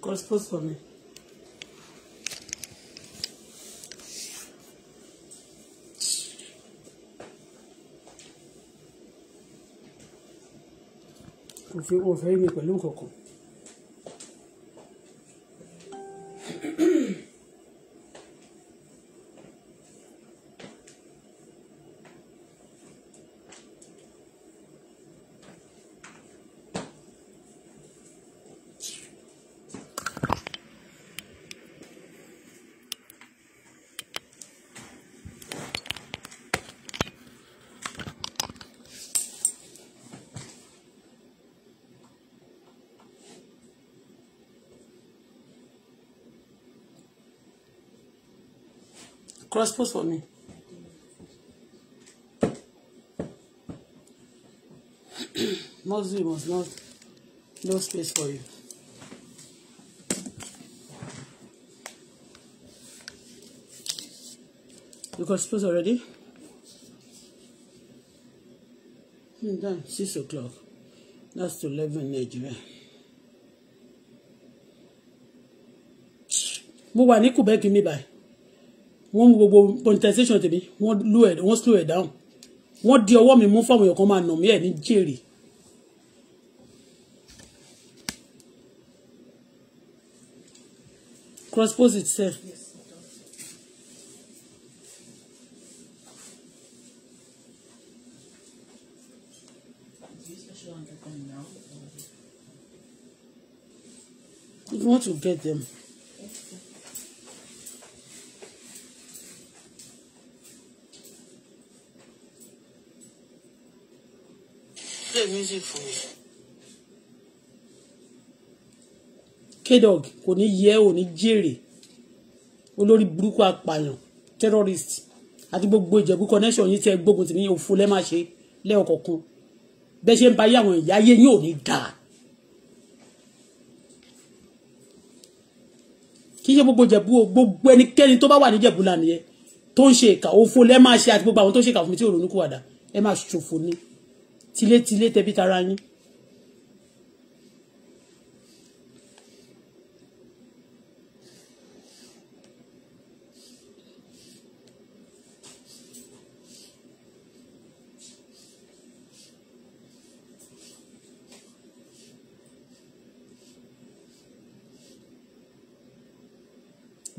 Cross-post for me. òfin wọn fẹ́ mi pẹ̀lú Cross post for me. Mostly was not no space for you. You cross post already? Hmm, done. Six o'clock. That's to eleven. in Nigeria. Mo wà ní Quebec mi báyìí wọ́n mú gbogbo monetization tèmi wọ́n lù ẹ̀ wọ́n slow ẹ̀ down wọ́n di ọwọ́ mi mú fáwọn èèyàn kan máa nà mí ẹ̀ ní jèrè. cross post itself. Yes. If you want to get them music fún mi. K-Dog kò ní yẹ ò ní jèrè olórí burúkú apààyàn terrorist àti gbogbo ìjẹ̀bú connection yìí tẹ́ gbógun tì ní òfo lẹ́ẹ̀ máa ṣe lẹ́ọ̀kọ̀ọ̀kan bẹ́ẹ̀ ṣe ń bayé àwọn ìyá ayé yín ò ní dáa. kì í ṣe gbogbo ìjẹ̀bú o gbogbo ẹnikẹ́ni tó bá wà ní ìjẹ̀bú là nìyẹn tó ń ṣe ìkà òfo lẹ́ẹ̀ ṣe àti gbogbo àwọn tó ń ṣe ìkà fún mi tí òrònú kò wà dá ẹ máa ṣòfò ni tilétilé tẹbí tara yín.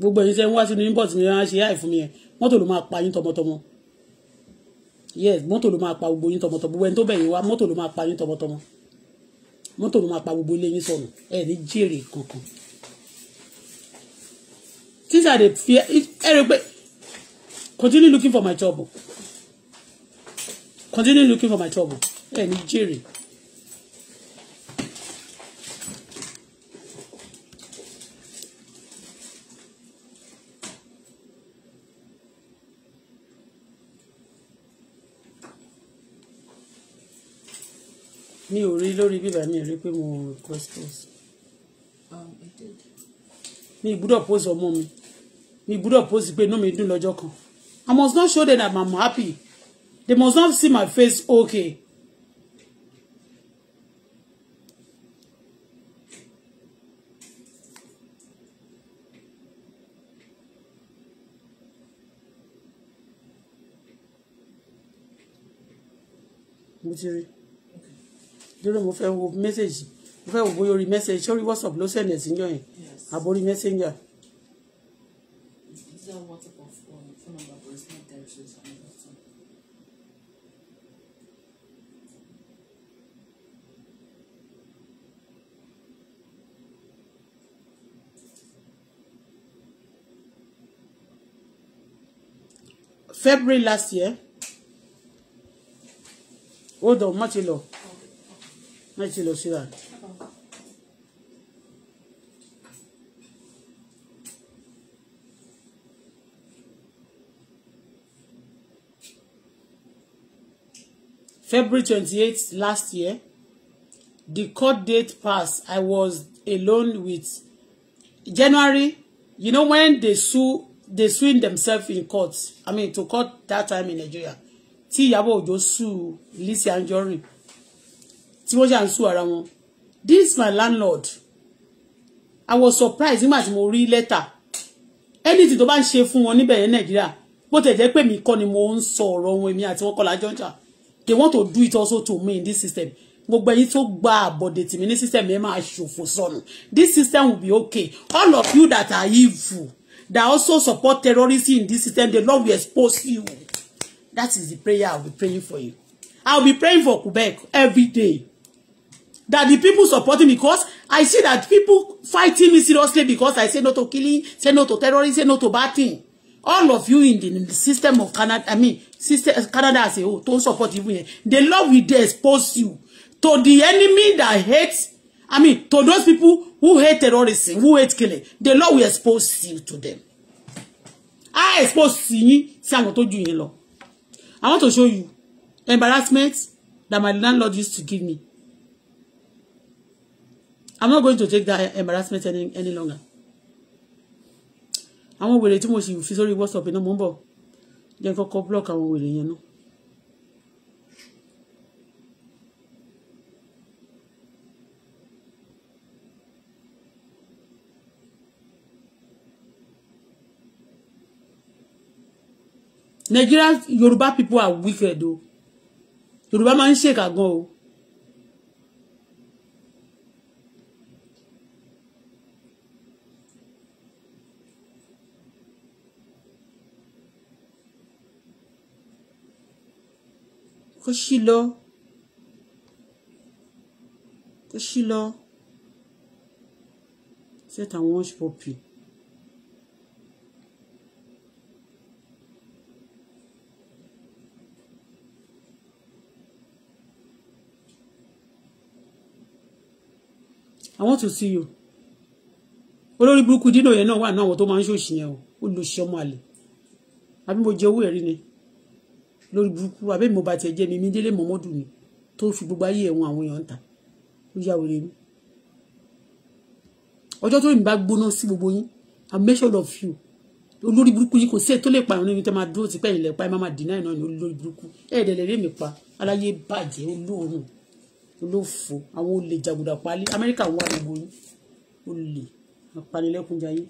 gbogbo ẹ̀yin tẹ́ ń wá sínú inbox mi máa ṣe àìfún mi yẹn mọ́tò ló máa pa yín tọmọtọmọ yes mọ́tò ló máa pa gbogbo yín tọmọtọmọ gbogbo ẹni tó bẹ̀yìn wá mọ́tò ló máa pa yín tọmọtọmọ mọ́tò ló máa pa gbogbo ilé yín sọnù ẹ ní jèrè kankan things are the fear ẹ rẹ pé continue looking for my trouble continue looking for my trouble ẹ ní jèrè. mi ò rí lórí bíbá mi ò rí pé mo request post um, mi gbúdọ̀ post ọmọ mi mi gbúdọ̀ post pé inú mi dùn lọ́jọ́ kan I must not show them that I'm happy they must not see my face okay. mo ti rí lórí mo fẹ́ wo mẹ́sẹ̀gì mo fẹ́ wo bóyá orí mẹ́sẹ̀gì sórí whatsapp ló sẹ̀nẹ̀ sí yàn yẹn àbórí messenger. February last year hold on mọ́tì lọ wọ́n ti lọ February 28th last year, the court date passed. I was alone with January. You know when they sue, they sue themselves in court. I mean to court that time in Nigeria. Tí Ìyábọ̀ Òjó sue Lizzy Anjorin tí wọ́n ṣà ń sùn ara wọn this my landlord i was surprised nígbà tí mo rí lẹ́tà anything tó bá ń ṣe fún wọn níbẹ̀ yẹn nàìjíríà bó tẹ̀ jẹ́ pé mi kọ́ ni mo ń sọ ọ̀rọ̀ wọn èmi àti wọn kọ́ lájọ́ jà they want to do it also to me in this system gbogbo ẹ̀yin tó gba àbọ̀dè tìmí ní system yẹn máa ṣòfò sọnù this system will be okay all of you that are evil that also support terrorism in this system the Lord will expose you that is the prayer i will be praying for you i will be praying for Quebec every day that the people supporting me because I see that people fighting me seriously because I say no to killing, say no to terrorism, say no to bad thing. All of you in the, in the system of Canada, I mean, system, Canada say oh, don't support you. The law will expose you to the enemy that hates, I mean, to those people who hate terrorism, who hate killing. The law will expose you to them. I expose you, see, I'm going to do you. I want to show you embarrassment that my landlord used to give me. I'm not going to take that embarrassment any, any longer. Àwọn wèrè tí mo sì fi sórí WhatsApp iná mò ń bọ̀. Jẹ́ kọ́kọ́ block àwọn wèrè yẹn náà. Nigerian Yoruba people are wicked o. Yoruba máa ń ṣèkà gan o. Koshilo. Koshilo. Set and wash poppy. I want to see you. Olórí burúkú dínà yẹn náà wà náà wọ́n tó máa ń ṣòṣì yẹn o. Ó lu ṣọmọ àlè. Àbí mo jẹ owó ẹ̀rí ni lórí burúkú abẹ́mi mo bá tiẹ̀ jẹ́ mi mi délé mọ́mọ́dù ni tó fi gbogbo ayé ẹ̀wọ̀n àwọn èèyàn ń ta ó yá wèrè mi ọjọ́ tó yìnbá gbóná sí gbogbo yín i'm measured of you olórí burúkú yìí kò sí ètò lè pa àwọn oníbi tó máa dúró tipẹ́ ìlẹ̀ pa ẹ̀ máa dínà ìnáwó ní olórí burúkú ẹ̀ẹ́dẹ̀lẹ̀ rí mi pa aláyé bàjẹ́ olóòórùn olófo àwọn olè jàgùdà pálí amẹ́ríkà wà gbogbo yín olè apanilẹ́kúnjayé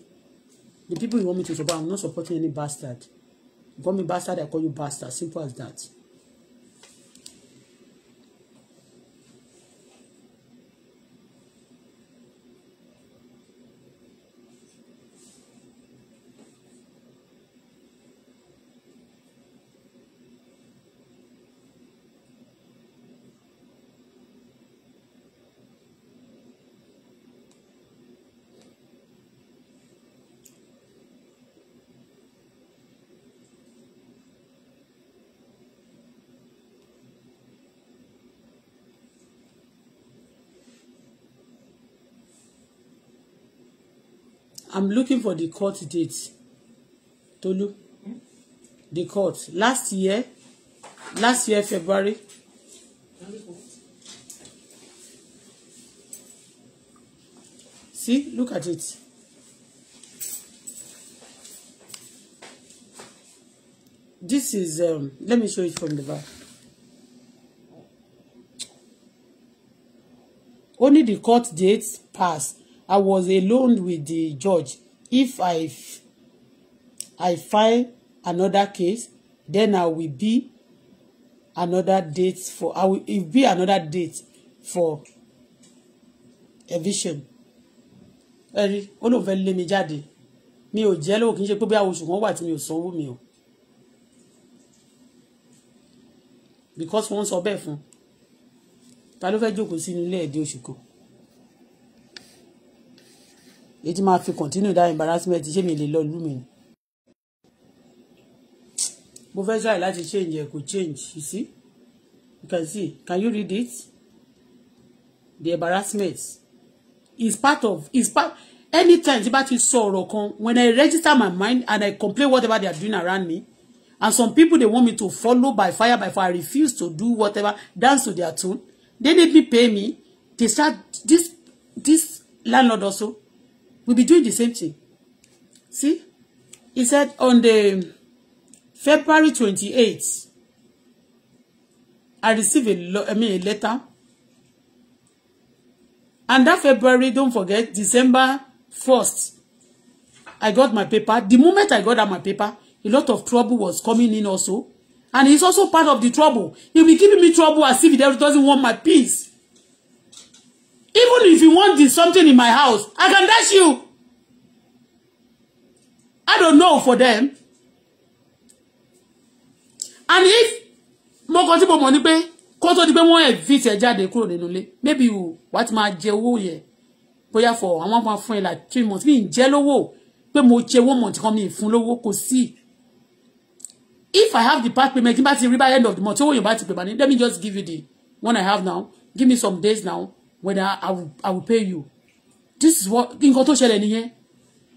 the people you want me to support i'm not supporting any bastard. If I'm a bastard, I call you bastard. Simple as that. I'm looking for the court date. Tolu. The court. Last year. Last year, February. See, look at it. This is, um, let me show it from the back. Only the court dates passed I was alone with the judge. If I, I file another case, then I will be another date for I will it be another date for eviction. Ẹ̀rí ó lóun fẹ́ lé mi jáde. Mi ò jẹ́ lóò kì í ṣe pé bí àwọn oṣù kan wà tí mi ò sanwó mi o. Because wọ́n sọ bẹ́ẹ̀ fún un. Ta ló fẹ́ jókòó sínú ilé ẹ̀dí oṣù kan? èyí tí máa fi continue that embarrassment ṣé mi lè lọ lú mi ni mo fẹ́ try láti change ẹ̀ kò change you see you can see can you read it the embarrassment is part of is part anytime tí bá ti sọ ọ̀rọ̀ kan when I register my mind and I complain whatever they are doing around me and some people they want me to follow by fire by fire I refuse to do whatever dance to their tune they need me pay me they start this this landlord also will be doing the same thing. See? He said on the February 28th, I received a, I mean, a letter. And that February, don't forget, December 1st, I got my paper. The moment I got out my paper, a lot of trouble was coming in also. And he's also part of the trouble. He'll be giving me trouble as if he doesn't want my peace. Even if you want something in my house, I can dash you. I don't know for them. And if more kan tí mo mọ̀ ni pé kó tó di pé wọ́n evict ẹ e jáde maybe you what my máa jẹ owó yẹn bóyá for I want my friend like three months in ń jẹ́ lówó pé mo jẹ one month kan mi fún lówó kò sí if I have the part payment kí n bá end of the month owó yóò bá ti pè bá let me just give you the one I have now give me some days now whether I will, I will pay you this is what nǹkan tó ṣẹlẹ̀ nìyẹn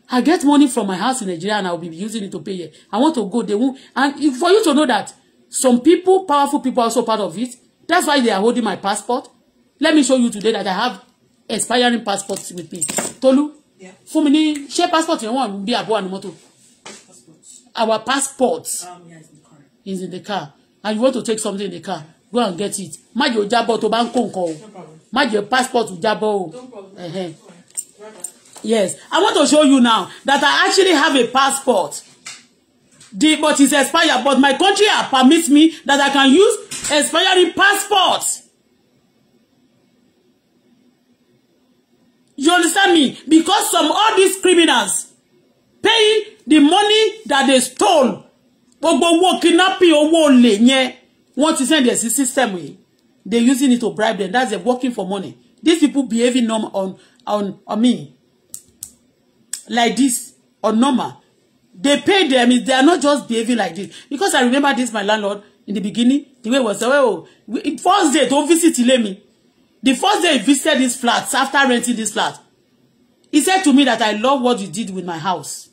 I get money from my house in Nigeria and I will be using it to pay here I want to go they won't and for you to know that some people powerful people are also part of it that's why they are holding my passport let me show you today that I have expiring passport with me Tolu Yeah. fún mi ní ṣé passport yẹn wà bí àbúrò àná mọ́tò our passport um, yeah, is in the car and you want to take something in the car go and get it má jò jábọ̀ tó bá ń kó nǹkan o má jẹ́ passport jábọ́ o. Yes, I want to show you now that I actually have a passport. The, but it's expired, but my country permits me that I can use expiring passport. You understand me? Because some all these criminals paying the money that they stole, gbogbo owó kidnapping owó olè yẹn, wọ́n ti send their system yìí. They using it to bribe them. That's they're working for money. These people behaving normal on on on me like this or normal. They pay them. They are not just behaving like this. Because I remember this, my landlord, in the beginning, the way was, oh, well, first day to visit Ilemi. The first day he visited this flat, after renting this flat, he said to me that I love what you did with my house.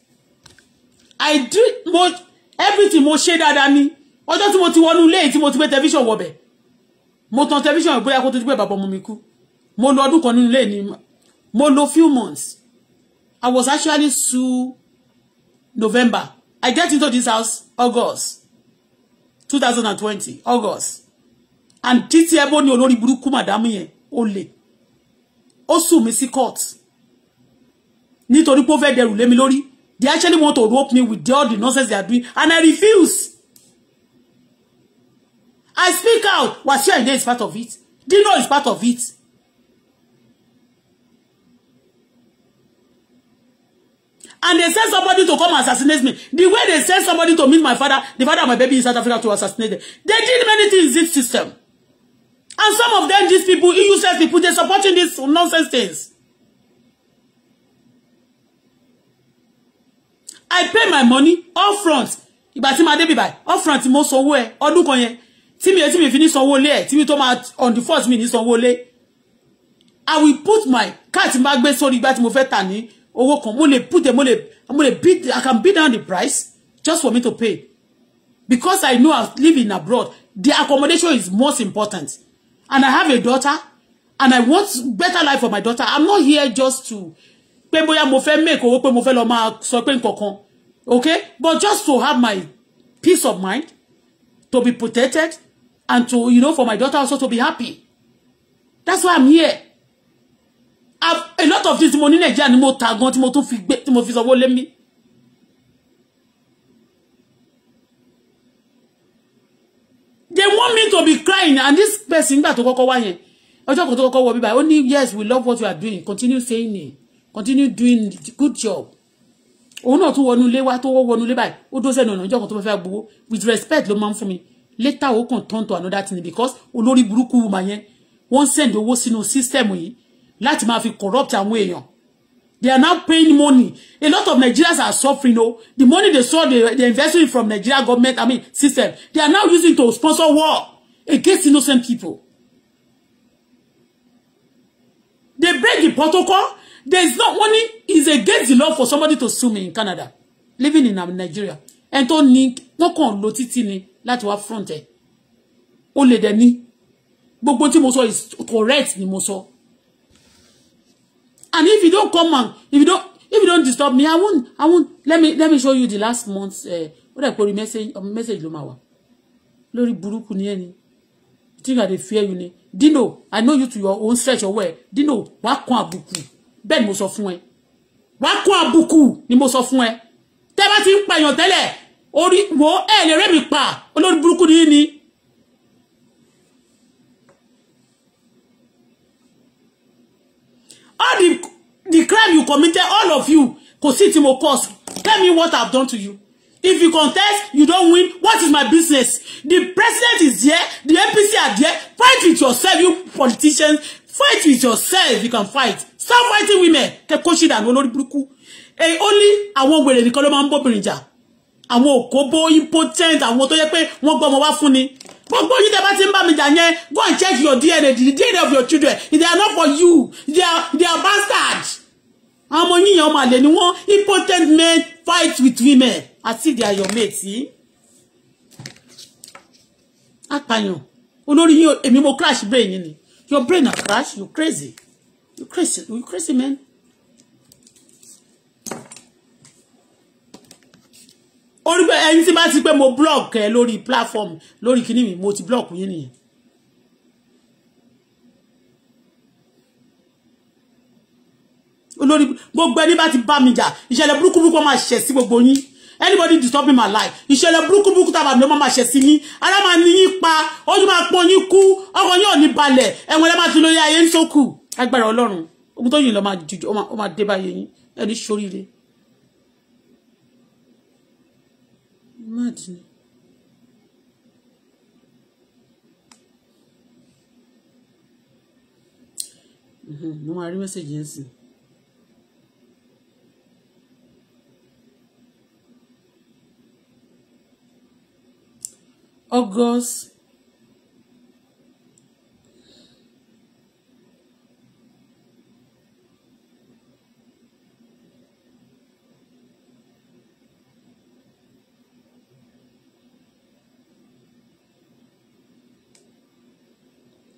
I did mo everything more ṣe than me. Ọjọ́ tí mo ti wọnú ilé tí mo ti vision television mo tan television bóyá kó tó ti pé bàbá ọmọ mi kú mo lo ọdún kan nínú ilé ni mo lo few months i was actually sue november i get into this house august 2020 august and títí ẹbọ ni olórí burúkú màdámù yẹn ó lè ó sù mí sí court nítorí pé ó fẹ́ dẹrù lé mi lórí they actually want to rope me with all the nonsense they are doing and i refuse I speak out. Wasiu Ayinde is part of it. Dino is part of it. And they send somebody to come assassinate me. The way they send somebody to meet my father, the father of my baby in South Africa to assassinate them. They did many things in this system. And some of them, these people, useless people, they're supporting these nonsense things. I pay my money upfront. Ìgbà tí màá débi báyìí, upfront mo sanwó ẹ ọdún kan yẹn tí mi ò tí mi fi ní sanwó lé ẹ̀ tí mi tó máa on the first mi ní sanwó lé I will put my car tí n bá gbé sórí igbá tí mo fẹ́ tà ní owó kan mo lè put them mo lè mo lè beat I can beat down the price just for me to pay because I know I live in abroad the accommodation is most important and I have a daughter and I want better life for my daughter I'm not here just to pé bóyá mo fẹ́ make owó pé mo fẹ́ lọ máa sọ pé nǹkan okay but just to have my peace of mind to be protected and to, you know, for my daughter also to be happy. That's why I'm here. I've, a lot of this money in Nigeria ni mo ta gan tí mo tún fi gbé tí mo fi sanwó lé mi. They want me to be crying and this person gbà to kọ́kọ́ wá yẹn. Ọjọ́ kan tó kọ́kọ́ wọ bí báyìí, ó yes we love what you are doing, continue saying it, continue doing good job. Òun náà tún wọnú ilé wá tó wọnú ilé báyìí, ó dó sẹ́nu ọ̀nà ọjọ́ kan tó fẹ́ gbowó with respect ló máa ń fún mi later ó kàn turn to another thing because olórí burúkú woman yẹn wọ́n send owó sínú system yìí láti máa fi corrupt àwọn èèyàn they are now paying money a lot of Nigerians are suffering o oh. the money they saw they, they invested from Nigeria government I mean system they are now using to sponsor war against innocent people they break the protocol there is not money is against the law for somebody to sue me in Canada living in um, Nigeria and tó ní wọ́n kàn lọ títí ni láti wá front ẹ̀ ó lè dẹ̀ ní gbogbo tí mo sọ is correct ni mo sọ and if you don't come and if you don't if you don't disturb me i won't i won't let me let me show you the last month eh, ó dẹ̀ pé orí message um, message ló máa wà lórí burúkú ni ẹni you think i dey fear you ni dino i know you to your own stretch ọwọ́ ẹ dino wàá kan àbùkù bẹ́ẹ̀ ni mo sọ fún ẹ wàá kan àbùkù ni mo sọ fún ẹ tẹ́ bá ti ń pààyàn tẹ́lẹ̀ orí wo ẹ̀ lè rẹ́ mi pa olórí burúkú ni ni. all the the crime you committed all of you kò sí tí mo cause tell me what I've done to you. If you contest, you don't win. What is my business? The president is here. The APC are there. Fight with yourself, you politicians. Fight with yourself. You can fight. Stop fighting women. Kẹ́kọ̀ọ́ ṣì dànù olórí burúkú. Ẹ ó ní àwọn wèrè nìkan ló máa ń bóbìnrin jà àwọn òkóbó impotent àwọn tó yẹ pé wọ́n gbọ́ ọmọ wá fún ni gbogbo yìí tẹ́ bá ti ń bá mi jà yẹn go and check your DNA the DNA of your children they are not for you they are they are bastard àwọn ọmọ yìnyín ọmọ àlè ni wọ́n impotent men fight with women àti they are your mates yìí apàyàn olórí yìí èmi mo crash brain yìí ni your brain na crash you crazy you crazy you crazy man. orí pé ẹni tí bá ti pé mo block ẹ lórí platform lórí kíní mi mo ti block yín nìyẹn. olórí gbogbo ẹni bá ti bá mi jà ìṣẹ̀lẹ̀ burúkú burúkú máa ṣẹ̀ sí gbogbo yín anybody disturbing my life ìṣẹ̀lẹ̀ burúkú burúkú tàbí àbí ọmọ máa ṣẹ̀ sí yín ara máa ní yín pa ojú máa pọ́n yín kú ọkọ̀ yín ò ní balẹ̀ ẹ̀wọ̀n ẹ̀ máa tún lórí ayé ń sókù agbára ọlọ́run ogun tó yìn lọ máa dé báyé yín ẹni ṣoríire. Mad ni. Mhm, mo máa rí mẹ́sẹ̀gì yẹn sí August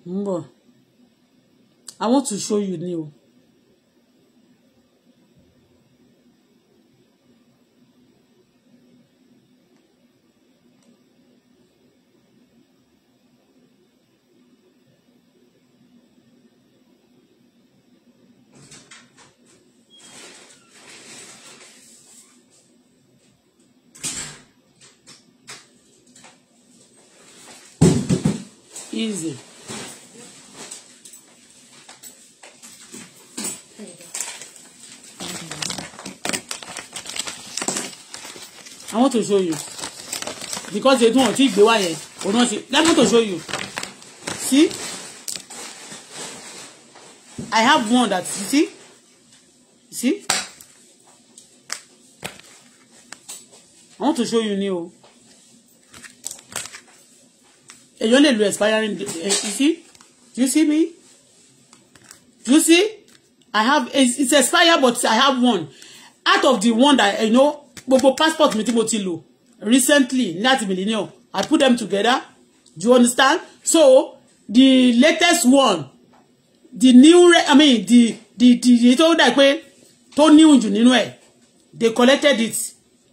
ń I want to show you new. easy. to show you because they don't ti gbé wá yẹn o no ṣe let me to show you see i have one that you see see i want to show you new. o èyàn lè expiring you see do you see me do you see i have it's, expired but i have one out of the one that i know gbogbo passport mi tí mo ti lò recently láti millennium I put them together do you understand so the latest one the new I mean the the the tó dà pé tó new jù nínú ẹ̀ they collected it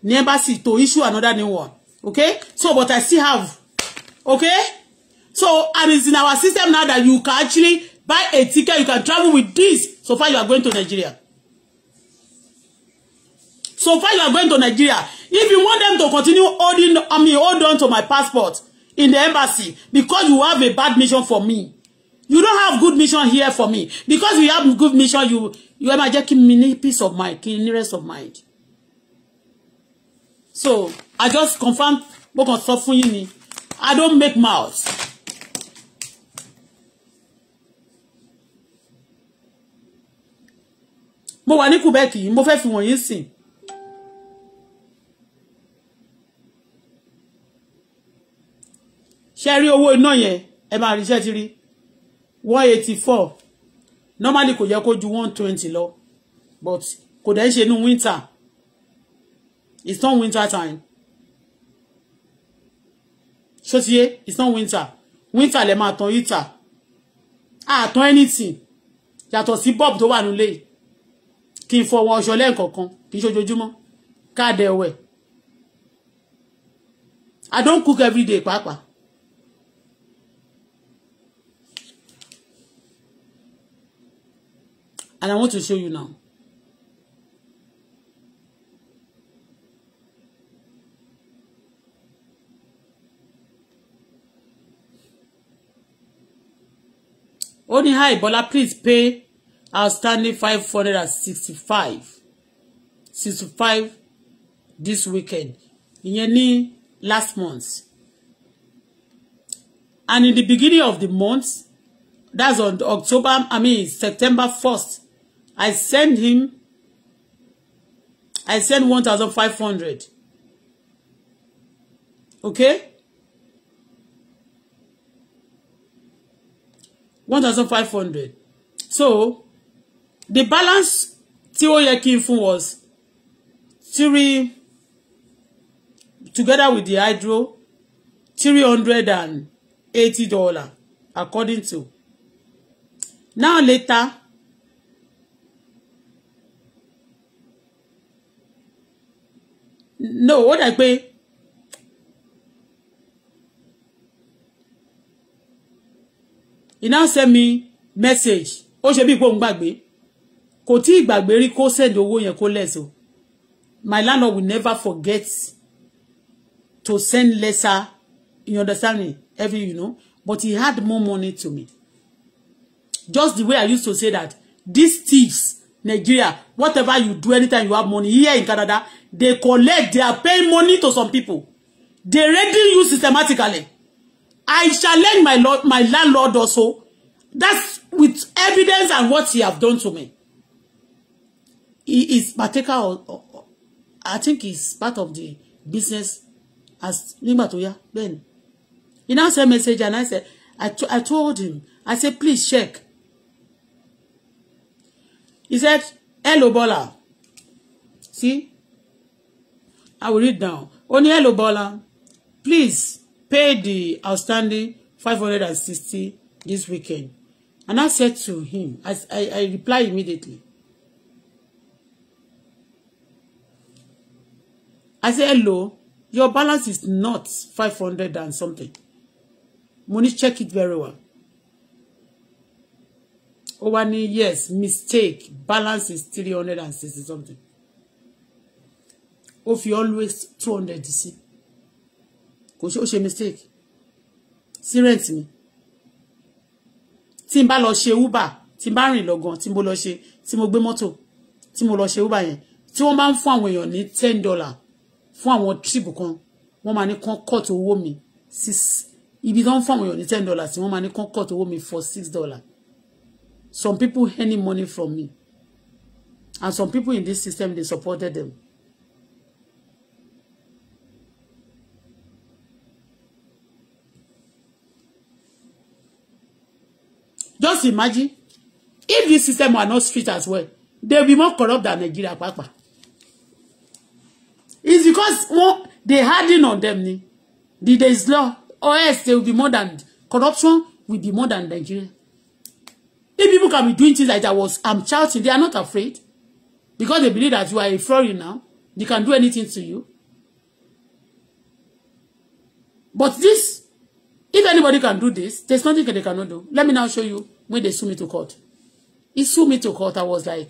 ní embassy to issue another new one okay so but I still have okay so and it's in our system now that you can actually buy a ticket you can travel with this so far you are going to Nigeria So far you are going to Nigeria. If you want them to continue holding, I mean, hold on to my passport in the embassy because you have a bad mission for me. You don't have good mission here for me. Because you have good mission, you you am taking me peace of mind, nearest of mind. So I just confirm mo kàn sọ I don't make mouths. Mo wà ní Quebec mo fẹ́ fi wọ̀nyí sìn. ṣe rí owó iná yẹn ẹ máa rí ti rí one eighty four normally kò yẹ kó ju one twenty lọ but kò dẹ̀ ń ṣe inú winter it's not winter time ṣótiyé it's not winter winter lè máa tan heater àtàn anything yàtọ̀ sí bob tó wà nílé kí n fọwọ́ ọṣọ lẹ́ẹ̀kọ̀ọ̀kan kì í ṣojoojúmọ́ káàdẹ̀ ẹ̀wẹ̀ i don't cook every day pàápàá and I want to show you now. Only hi Bola, please pay outstanding five hundred sixty-five sixty-five this weekend. Ìyẹn ní last month. And in the beginning of the month, that's on October, I mean September 1st, I send him, I send one thousand five hundred. Okay? one thousand five hundred. So, the balance tí ó yẹ was three together with the hydro three hundred and eighty dollar according to now later no ó dà pé he now send me message ó ṣe bí pé òun gbàgbé kò tí ì gbàgbé rí kó send owó yẹn kó less my landlord will never forget to send lesser you understand me every you know but he had more money to me just the way I used to say that these thieves Nigeria, whatever you do, anytime you have money here in Canada, they collect, they are paying money to some people. They raiding you systematically. I challenge my lord, my landlord also. That's with evidence and what he have done to me. He is partaker of, of, of I think he's part of the business as nígbà Ben, He now send message and I said, I, I told him, I said, please check. He said, hello Bola. See? I will read down. Only hello Bola. Please pay the outstanding 560 this weekend. And I said to him, I, I, I replied immediately. I said, hello, your balance is not 500 and something. Money, check it very well ó wá ní yes mistake balance is three hundred and sixty something ó fi always two hundred sí kò ṣe ó ṣe mistake sí rent mi tí n bá lọ ṣe uber tí n bá rìn lọ gan tí mo lọ ṣe tí mo gbé mọ́tò tí mo lọ ṣe uber yẹn tí wọ́n máa ń fún àwọn èèyàn ní ten dollar fún àwọn trip kan wọ́n máa ní kán cut owó mi six ibi tó ń fún àwọn èèyàn ní ten dollars wọ́n máa ní kán cut owó mi for six dollars Some people earning money from me. And some people in this system, they supported them. Just imagine if this system were not fit as well, they'll be more corrupt than Nigeria, Papa. It's because more they harden on them. Ni. There is law, or else they will be more than corruption will be more than Nigeria. If people can be doing things like that was I'm shouting, they are not afraid because they believe that you are a foreigner now. They can do anything to you. But this, if anybody can do this, there's nothing they cannot do. Let me now show you when they sue me to court. He sued me to court. I was like,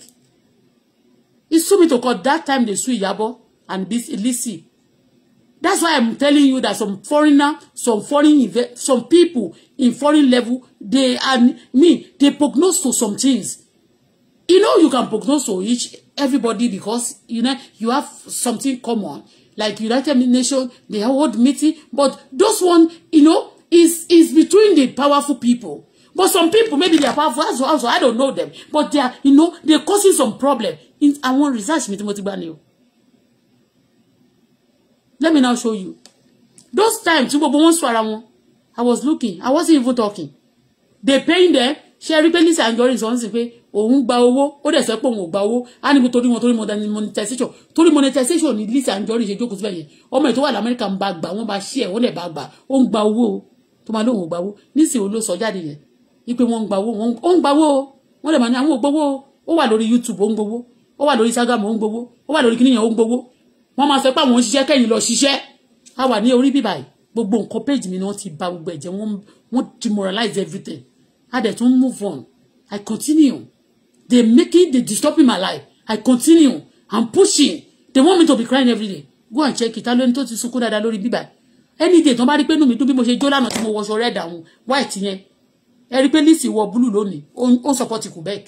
he sued me to court. That time they sue Yabo and this Lisi That's why I'm telling you that some foreigner, some foreign, some people in foreign level, they and me, they prognose to some things. You know, you can prognose to each everybody because you know you have something common. Like United Nations, they World meeting, but those one, you know, is is between the powerful people. But some people, maybe they are powerful as well, so I don't know them. But they are, you know, they're causing some problem. In, I want research me, Timothy let me now show you those times tí gbogbo wọn sọ ara wọn i was looking i wasn't even talking they paying them ṣe rí pé Lizzy Anjorin sọ ń sìn pé òun gba owó ó dẹ̀ sọ pé òun ò gba owó á níbi torí wọn torí monetization torí monetization ni Lizzy Anjorin ṣe jókòó síbẹ̀ yẹn ọmọ ẹ̀ tó wà lamẹ́ríkà ń bá gbà wọ́n bá ṣí ẹ̀ wọ́n dẹ̀ bá gbà ó ń gba owó tó máa lóun ò gba owó nísìnyí ló sọ jáde yẹn wípé wọ́n ń gba owó ó ń gba owó wọ́n dẹ̀ máa ní àwọn ò ó wà lórí YouTube ó ń gbowó ó wà lórí Instagram ó ń gbowó ó wà lórí kíníyàn ó ń gbowó wọ́n máa sọ pé àwọn ń ṣiṣẹ́ kẹ́yìn lọ ṣiṣẹ́ a wà ní orí bíbá yìí gbogbo nǹkan page mi ni wọ́n ti bà gbogbo ẹ̀jẹ̀ wọ́n demoralize everything a dẹ̀ tún move on I continue they making they disturbing my life I continue and pushing they want me to be crying every day go and check it alóni tó ti sunkún dáadáa lórí bíbá any day tó bá rí pé inú mi dùn bí mo ṣe jó lánàá tí mo wọṣọ red àwọn white yẹn ẹ rí pé Lizzy wọ blue lónìí ó support Quebec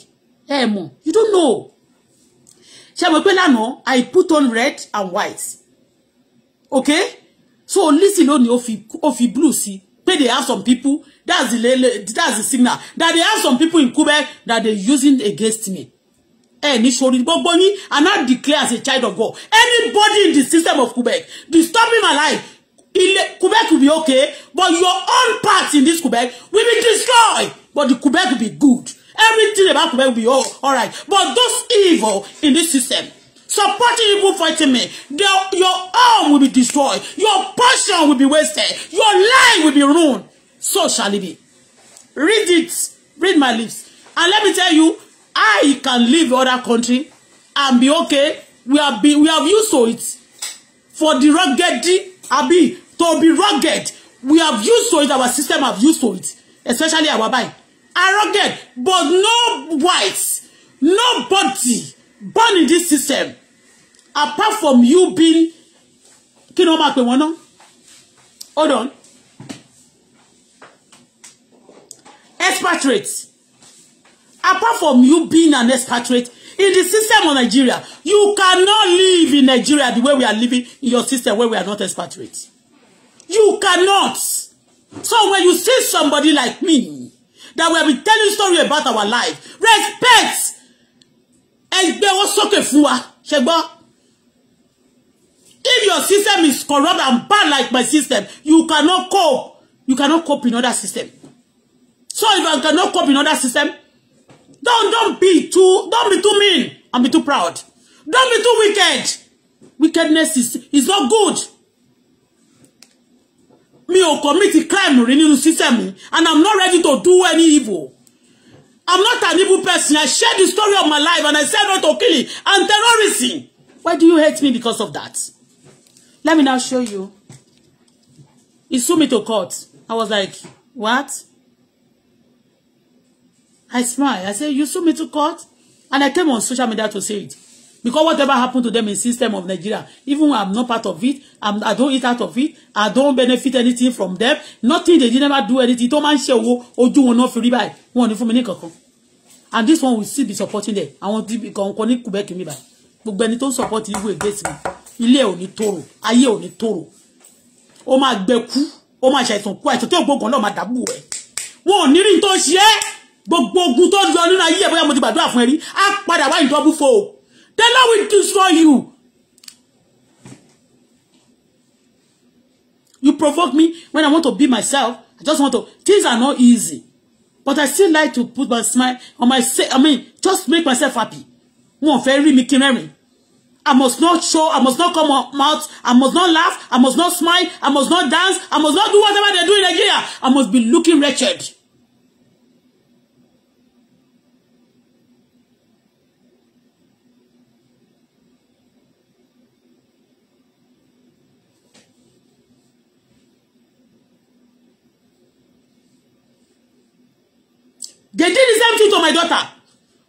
ẹ mọ̀ you don't know ṣé mo pé lánàá I put on red and white okay so listen lónìí ó fi ó fi blue sí pé they have some people that's the lele that's the signal that they have some people in Quebec that they using against me ẹ ní sori gbogbo yín and I declare as a child of God anybody in the system of Quebec disturbing my life Ile, Quebec will be okay, but your own parts in this Quebec will be destroyed. But the Quebec will be good. Everything about Quebec will be all, all right. But those evil in this system, supporting people fighting me, their, your arm will be destroyed. Your passion will be wasted. Your life will be ruined. So shall it be. Read it. Read my lips. And let me tell you, I can leave other country and be okay. We have been, we have used to it. For the rugged, abi, to be rugged, we have used to it. Our system have used to it. Especially our bike arrogant but no whites, nobody born in this system apart from you being can ni wọ́n máa pè wọ́n hold on expatriates. apart from you being an expatriate in the system of Nigeria you cannot live in Nigeria the way we are living in your system where we are not expatriates. you cannot so when you see somebody like me that we have been telling story about our life respect ẹgbẹ́ owó sókè fún wa ṣe gbọ́ if your system is corrupt and bad like my system you cannot cope you cannot cope in other system so if I cannot cope in other system don't don't be too don't be too mean and be too proud don't be too wicked wickedness is is not good Me, ò commit crime rí nínú system mi and i'm not ready to do any evil i'm not an evil person i shared the story of my life and i said not to killing and terrorism why do you hate me because of that let me now show you he sued me to court i was like what i smile i said, you sued me to court and i came on social media to say it because whatever happened to them in system of Nigeria even I'm not part of it I'm, I don't eat out of it I don't benefit anything from them nothing they did never do anything tó man share ṣe owó ojú wọn náà fi rí báyìí wọn ò ní fún mi ní kankan and this one will still be supporting them àwọn kọ̀ọ̀kan ní Quebec mi báyìí gbogbo ẹni tó ń support ibu against mi ilé ò ní tòrò ayé ò ní tòrò ó máa gbẹ kú ó máa ṣàìsàn kú àìsàn tó gbógun náà máa dàbù ẹ wọn ò ní rí tó ṣe é gbogbo ogun tó lọ nínú ayé ẹ bóyá mo ti a fún ẹ rí á padà wá ìdọ́bù fò The Lord will destroy you. You provoke me when I want to be myself. I just want to. Things are not easy. But I still like to put my smile on my I mean, just make myself happy. One very me I must not show, I must not come out, I must not laugh, I must not smile, I must not dance, I must not do whatever they do in Nigeria. I must be looking wretched. They did the same thing to my daughter.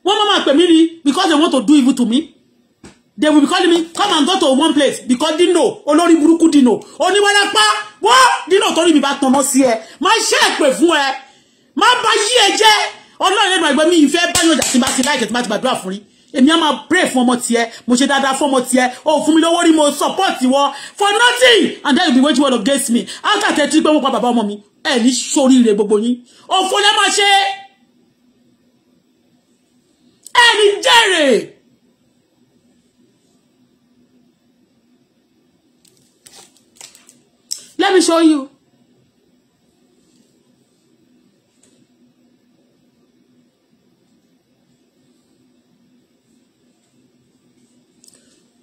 One mama pè mí because they want to do evil to me. They will be calling me, come and go to one place because they know Dino, they know Dino. Oníwàlápá, wọ́n Dino torí mi bá tọmọ sí ẹ. Má ṣe èpè fún ẹ. Má bá yí ẹ jẹ́. Ọlọ́run lẹ́nu àgbẹ̀ mi ìfẹ́ báyọ̀ you sí bá ti láìkẹ́ tí má ti gbàdúrà fún rí èmi á máa pray for ọmọ tiẹ̀ mo ṣe dáadáa fún ọmọ tiẹ̀ o fún mi worry, rí mo support all for nothing and then you be waiting word against me after thirty pé wọ́n pa bàbá ọmọ mi ẹ̀ ní sóríire gbogbo yín òfò lẹ́ máa ṣe é ẹni jèrè. Let me show you.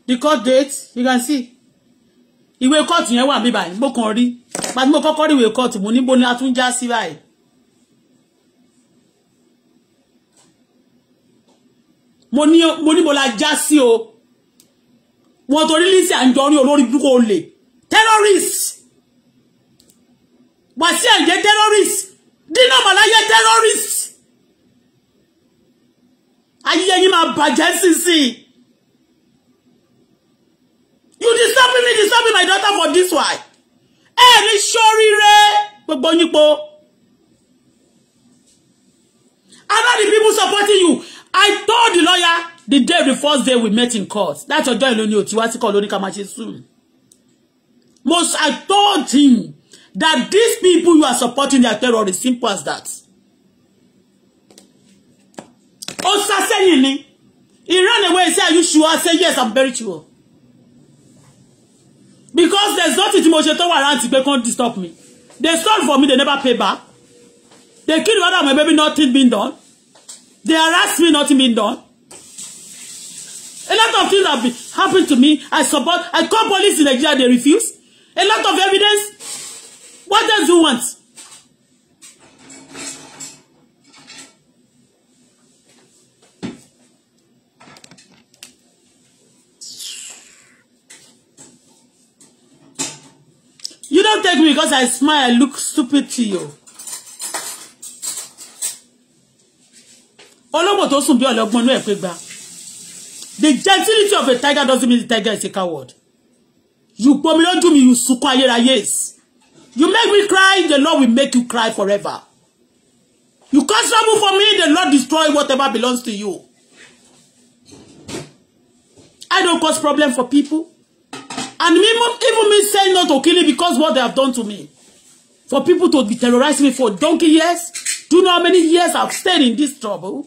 the court date you can see ìwé kóòtù yẹn wà níbàyí mo kàn rí pàtí mo kọ́kọ́ rí ìwé kóòtù mo níbo ni a tún já sí báyìí mo ní mo ní mo la já sí o wọn torí Lizzy Anjorin olórí burúkú olè terrorist Wàsíù Àyìndé terrorist Dina Melaye terrorists. ayé yín máa bàjẹ́ sísìn. You disturbing me, disturbing my daughter for this why? Ẹ ní ṣoríire gbogbo yín po. I know the people supporting you. I told the lawyer the day the first day we met in court That's your ìlú ni òtí wá sí kọ́ lóní ká máa ṣe Most I told him that these people you are supporting their terrorists simple as that. Ó sá sẹ́yìn He ran away and said, are you sure? I said, yes, I'm very sure. Because there's nothing tí mo ṣe tó wà rántí pé kàn disturb me. They stole for me, they never pay back. They killed other my baby, nothing being done. They harass me, nothing being done. A lot of things have been, happened to me. I support, I call police in Nigeria, they refuse. A lot of evidence. What else you want? You don't take me because I smile, I look stupid to you. Sọ́bọ̀ tó sùn bí ọlọ́gbọ́n inú ẹ̀ pé gba. The gentility of a tiger doesn't mean the tiger is a coward. You gbomi lójú mi, you sunkún ayérayé. You make me cry, the Lord will make you cry forever. You cause trouble for me, the Lord destroy whatever belongs to you. I don't cause problem for people. And me, even me saying not to kill it because what they have done to me. For people to be terrorizing me for donkey years. Do you know how many years I've stayed in this trouble?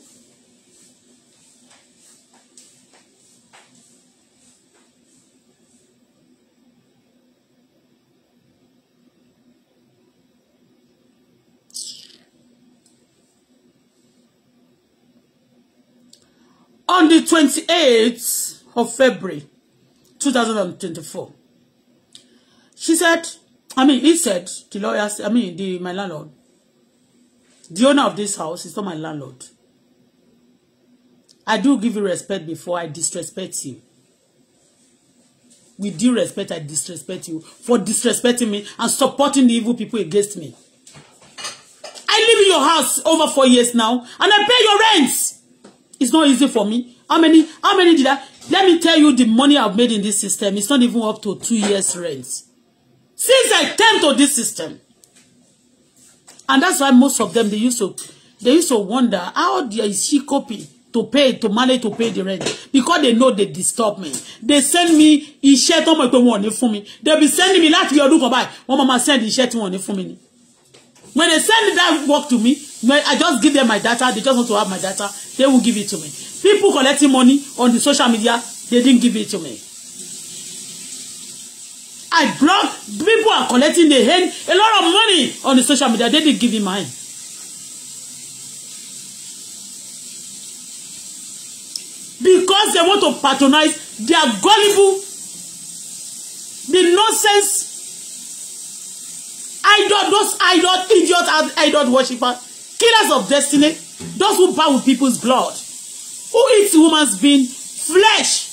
on the 28th of February 2024, she said, I mean, he said, the lawyer, I mean, the my landlord, the owner of this house is not my landlord. I do give you respect before I disrespect you. With due respect, I disrespect you for disrespecting me and supporting the evil people against me. I live in your house over four years now, and I pay your rent. It's not easy for me. How many? How many did I? Let me tell you the money I've made in this system. It's not even up to two years rent. Since I came to this system. And that's why most of them, they used to, they used to wonder, how is she coping? to pay to manage to pay the rent because they know they disturb me they send me iṣẹ́ tó mọ̀ pé wọn ò ní fún be sending me láti bí ọdún kan báyìí wọ́n mama send iṣẹ́ tí wọn ò ní When they send that work to me, when I just give them my data, they just want to have my data, they will give it to me. People collecting money on the social media, they didn't give it to me. I block, people are collecting, they hand a lot of money on the social media, they didn't give me mine. Because they want to patronize, their gullible. The nonsense Idol, those idol idiots and idol worshippers, killers of destiny, those who bow with people's blood, who eats woman's being, flesh.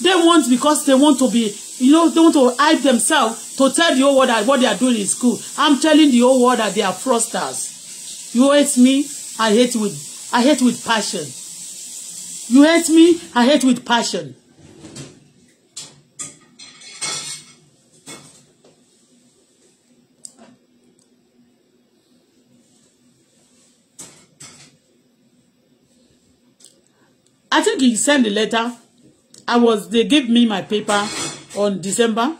They want because they want to be, you know, they want to hide themselves to tell the whole world that what they are doing is cool. I'm telling the whole world that they are fraudsters. You hate me, I hate with I hate with passion. You hate me, I hate with passion. I think he sent the letter. I was they gave me my paper on December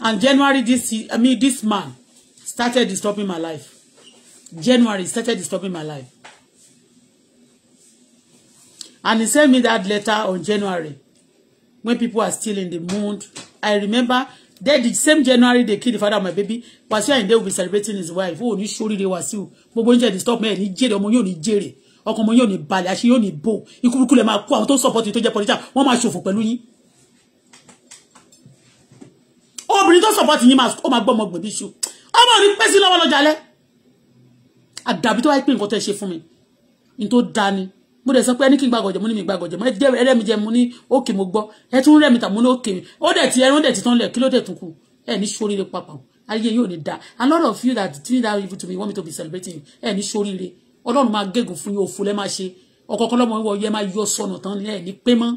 and January this I mean this man started disturbing my life. January started disturbing my life. And he sent me that letter on January when people are still in the mood. I remember that the same January they killed the father of my baby. Wasiu Ayinde will be celebrating his wife. Oh, you surely they were still. But when oúnjẹ disturb me ní jèrè ọmọ yóò ní jèrè ọkàn ọmọ yóò ní balẹ̀ àṣẹ yóò ní bò ikú burúkú lè máa kó àwọn tó support yín tó jẹ́ politician wọ́n máa ṣòfò pẹ̀lú yín obìnrin tó support yín ó máa gbọ́ ọmọ gbèbí ṣu ọmọ mi pèsè lọ́wọ́ lọ́jà alẹ́ àdàbí tó wáyé pé nǹkan tẹ́ ṣe fún mi ní tó da ni mo dẹ̀ sọ pé ẹni kí n gbàgọ̀jẹ̀ mo ní mi gbàgọ̀jẹ̀ mo jẹ́ ẹlẹ́mi jẹ mo ní òkè mo gbọ́ ẹ tún rẹ̀ mi tà mo ní òkè mi ó dẹ̀ ti ẹran dẹ̀ ti tán lẹ̀ kí ló dẹ̀ tún kù ẹ ní sóríire papọ̀ ayé yóò ní da a lot of you that do that evil to me want me to be celebrating ẹ ní sóríire ọlọ́run máa gégùn fún yín òfò lẹ́ máa ṣe ọ̀kọ̀ọ̀kan lọ́mọ wíwọ yẹ máa yọ sọnù tán lẹ́ẹ̀ ní pé mọ́.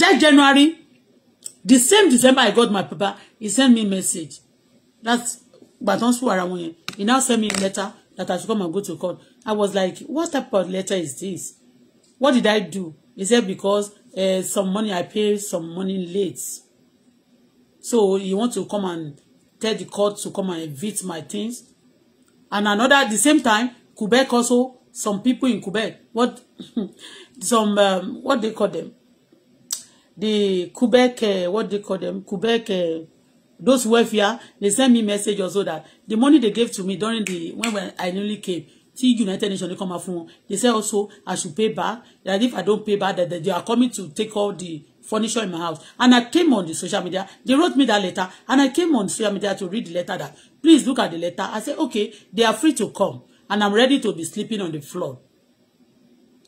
that January the same December I got my Papa. he send me message that gbàtàn sùn ara wọn yẹn he now send me letter that I should come and go to court I was like what type of letter is this what did I do he said because uh, some money I pay some money late. So he want to come and tell the court to come and evict my things. And another at the same time, Quebec also, some people in Quebec, what some um, what they call them, the Quebec, uh, what they call them, Quebec, uh, those welfare, they send me message also that the money they gave to me during the when, when I newly came, tí United Nations come out from, they say also I should pay back. That if I don't pay back, that they are coming to take all the furniture in my house. And I came on the social media. They wrote me that letter. And I came on social media to read the letter that, please look at the letter. I said, okay, they are free to come. And I'm ready to be sleeping on the floor.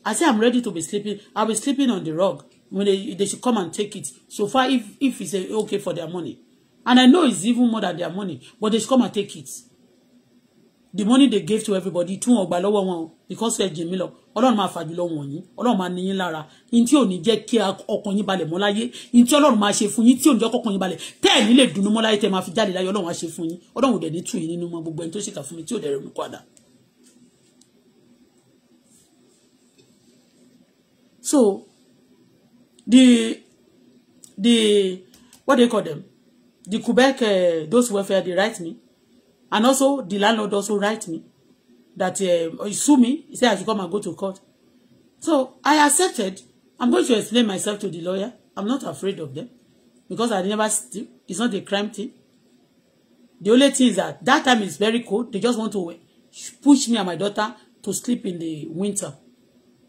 I said, I'm ready to be sleeping. I'll be sleeping on the rug. When they, they should come and take it. So far, if, if it's uh, okay for their money. And I know it's even more than their money. But they should come and take it. The money they gave to everybody, two or ọgbà lọ́wọ́ one, because ẹ jìn mí lọ ọlọ́run máa fàjùlọ wọ̀nyí ọlọ́run máa níyín lára in tí ò ní jẹ́ kí ọkàn yín balẹ̀ mọ́ láyé tí ọlọ́run máa ṣe fún yín tí ò ní jẹ́ kọ́kàn yín balẹ̀ tẹ́ ẹ̀ nílẹ̀ dùnú mọ́ tẹ́ máa fi jáde láyé ọlọ́run á ṣe fún yín ọlọ́run ò dẹ̀ ní tù yín nínú mọ́ gbogbo ẹni tó ṣèkà fún mi tí ò dẹ̀ rẹ̀ mú padà. so the the what do you call them the Quebec uh, those welfare they write me and also the landlord also write me that uh, eh, he sue me. He said I should come and go to court. So I accepted. I'm going to explain myself to the lawyer. I'm not afraid of them because I never It's not a crime thing. The only thing is that that time is very cold. They just want to push me and my daughter to sleep in the winter.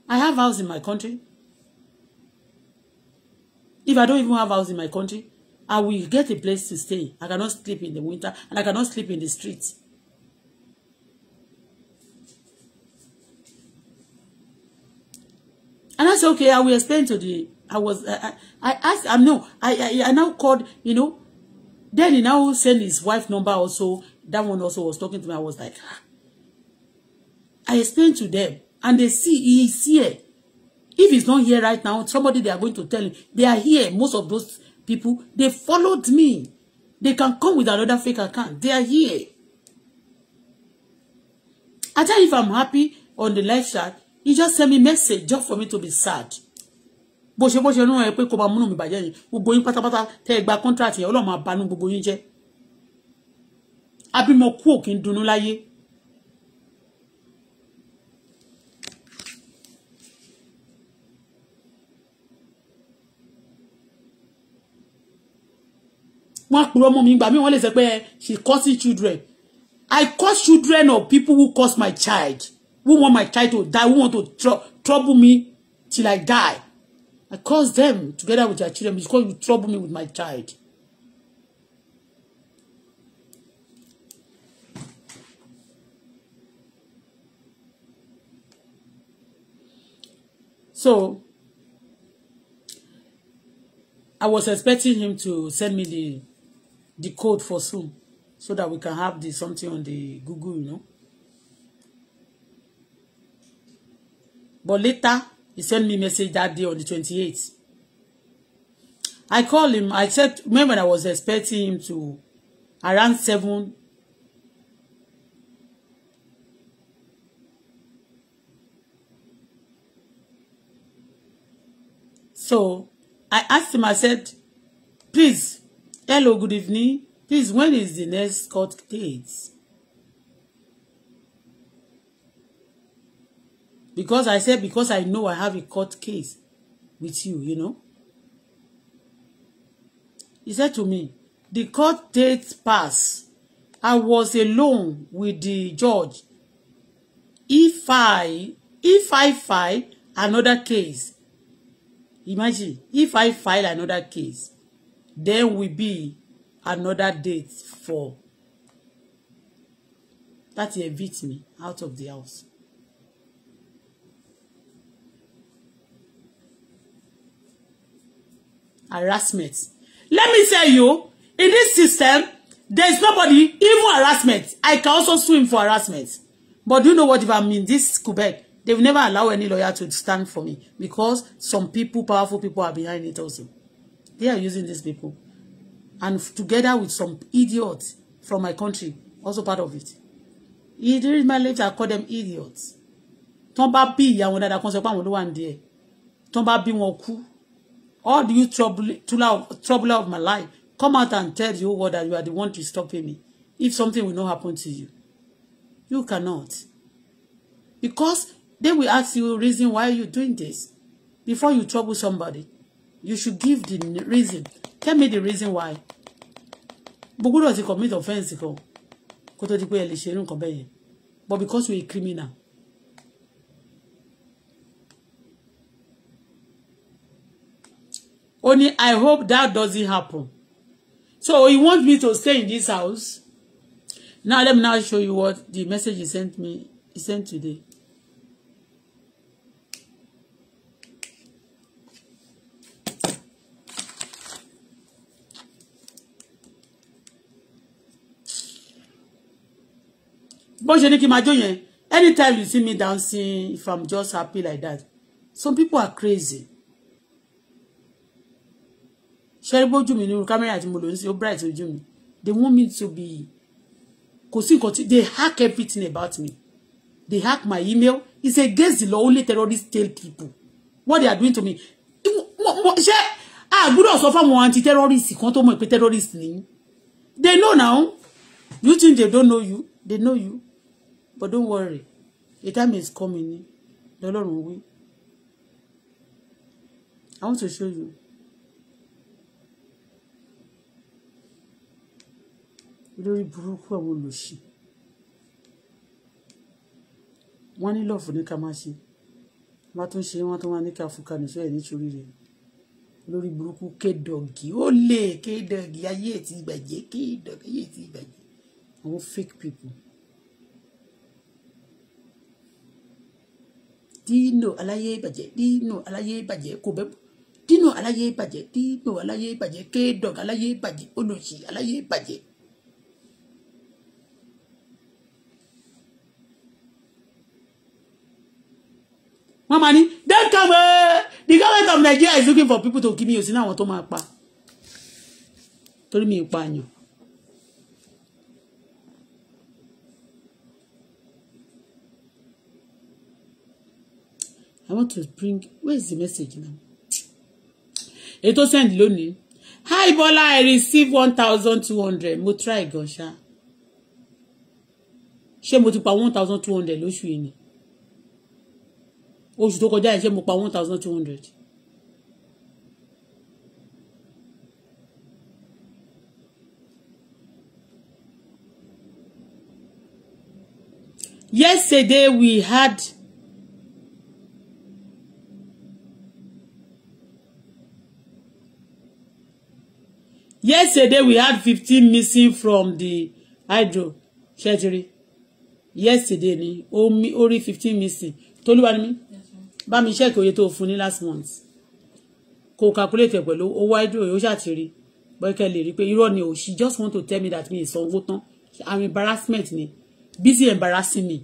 I have house in my country. If I don't even have house in my country, I will get a place to stay. I cannot sleep in the winter and I cannot sleep in the streets. And I said, okay, I will explain to the, I was, uh, I, I asked, I'm no, I, I, I now called, you know, then he now sent his wife number also, that one also was talking to me, I was like, ah. I explained to them, and they see, he is here. If he's not here right now, somebody they are going to tell him, they are here, most of those people, they followed me. They can come with another fake account. They are here. I tell you if I'm happy on the live chat, you just send me message just for me to be sad bó ṣe bó ṣe rán ẹ pé kó máa múnú mi bàjẹ́ yìí gbogbo yín pátápátá tẹ́ ẹ gba contract yẹn ọlọ́run máa banú gbogbo yín jẹ́ abímọ kú òkè ń dunnú láyé wọn á purọ́ mọ́ mi gbà mí wọ́n lè sọ pé she causing children I cause children or people who cause my child who want my title? That who want to tr trouble me till I die. I cause them together with their children because you trouble me with my child. So, I was expecting him to send me the the code for soon so that we can have the something on the Google, you know. But later, he sent me message that day on the 28th. I call him. I said, remember I was expecting him to around seven. So I asked him, I said, please, hello, good evening. Please, when is the next court date? Because I said, because I know I have a court case with you, you know. He said to me, the court date passed. I was alone with the judge. If I, if I file another case, imagine, if I file another case, then will be another date for that he evict me out of the house. harassment let me tell you in this system there is nobody even harassment I can also swim for harassment but do you know what if I'm in this Quebec they will never allow any lawyer to stand for me because some people powerful people are behind it also they are using these people and together with some idiots from my country also part of it he my lips I call them idiots tán bá bí ìyá wọn dáadáa kan sọ pé àwọn ló wà ní díẹ̀ all you trouble, trouble of my life, come out and tell the whole world that you are the one to stopping me. If something will not happen to you, you cannot. Because they will ask you reason why you're doing this. Before you trouble somebody, you should give the reason. Tell me the reason why. Bugudo ti commit offense ko. Kó tó di But because you're a criminal, Only i hope that doesn't happen so he wants me to stay in this house now let me now show you what the message he sent me he sent today bó ṣe anytime you see me dancing if i'm just happy like that some people are crazy ṣe rí bójú mi nínú kámẹ́rà tí mo lò ń sí ó bright ojú mi they want me to be kò sí nǹkan tí they hack everything about me they hack my email it's against the law only terrorists tell people what they are doing to me ṣé àgbúrò sọ fáwọn anti-terrorist kan tó mọ̀ pé terrorist ni they know now you think they don't know you they know you but don't worry the time is coming lọ́lọ́run wí i want to show you. lórí burúkú àwọn olùsìn wọ́n ní lọ́ọ̀fù ní ká máa ṣe má tún ṣe wọ́n tó wá ní ká fúnka nìṣẹ́ ẹ̀ nítorí rẹ̀ lórí burúkú kédọ̀gì ó lè kédọ̀gì ayé ti ìgbàjẹ́ kédọ̀gì ayé ti ìgbàjẹ́ àwọn fake people. dino aláyé bàjẹ́ dino aláyé bàjẹ́ kò bẹ́ dino aláyé bàjẹ́ dino aláyé bàjẹ́ kédọ̀gì aláyé bàjẹ́ olùsìn aláyé bàjẹ́. wọ́n máa ní come eh. the government of Nigeria is looking for people to give me ò sí ní àwọn tó máa pa torí mi ì pààyàn. I want to bring where is the message now? Ètò send lónìí. Hi Bola, I receive one thousand two hundred. Mo try gan ṣá. Ṣé mo ti pa one thousand two hundred lóṣù yìí ni? oṣù tó kọjá iṣẹ́ mo pa one thousand two hundred. Yesterday we had Yesterday we had fifteen missing from the hydro surgery. Yesterday ni ó rí 15 missing. Tolúwa ni mí bá mi ṣẹ́ẹ̀kì oye tó fún ní last month kò calculate ẹ̀ pẹ̀lú owó àìdúró yóò ṣàtìrí bọ́ẹ̀kẹ́ lè rí i pé irọ́ ni o she just want to tell me that me is sanwó tán i'm embarrassment ni busy embarrassing me.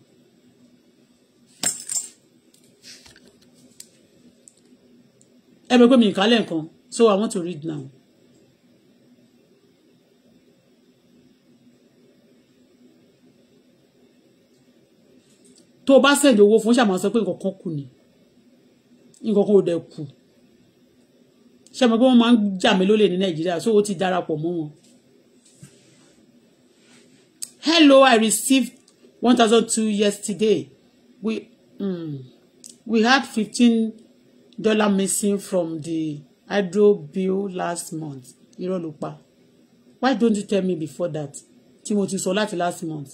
ẹ bẹ pé mi ìkálẹ̀ nǹkan so i want to read now. tó o bá sẹ̀dọ̀ owó fún ṣàmọ̀ sọ pé nǹkan kan kù ni nǹkan kan ò dẹ̀ kù ṣe mọ̀ pé wọ́n máa ń jà mí lólè ní nàìjíríà so ó ti darapọ̀ mọ́ wọn. hello i received one thousand two yesterday we um, we had fifteen dollar missing from the hydro bill last month irọ́ ló pa why don't you tell me before that tí mo ti sọ láti last month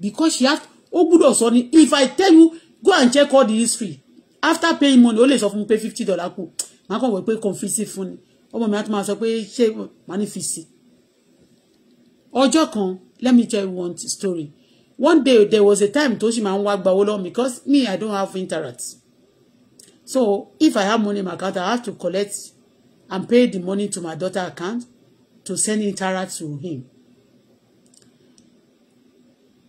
because she had ó gbúdọ̀ sọ ni if i tell you go and check all the history after paying money ó lè sọ fún mi fifty dollar kù màá kàn wọ pé confisi fún ni ọmọ mi á tún máa sọ pé ṣé màá ní fisi. ọjọ́ kan let me tell you one story one day there was a time tó sì máa ń wá gba owó lọ́wọ́ mi because me I don't have internet so if I have money in my account I have to collect and pay the money to my daughter account to send internet to him.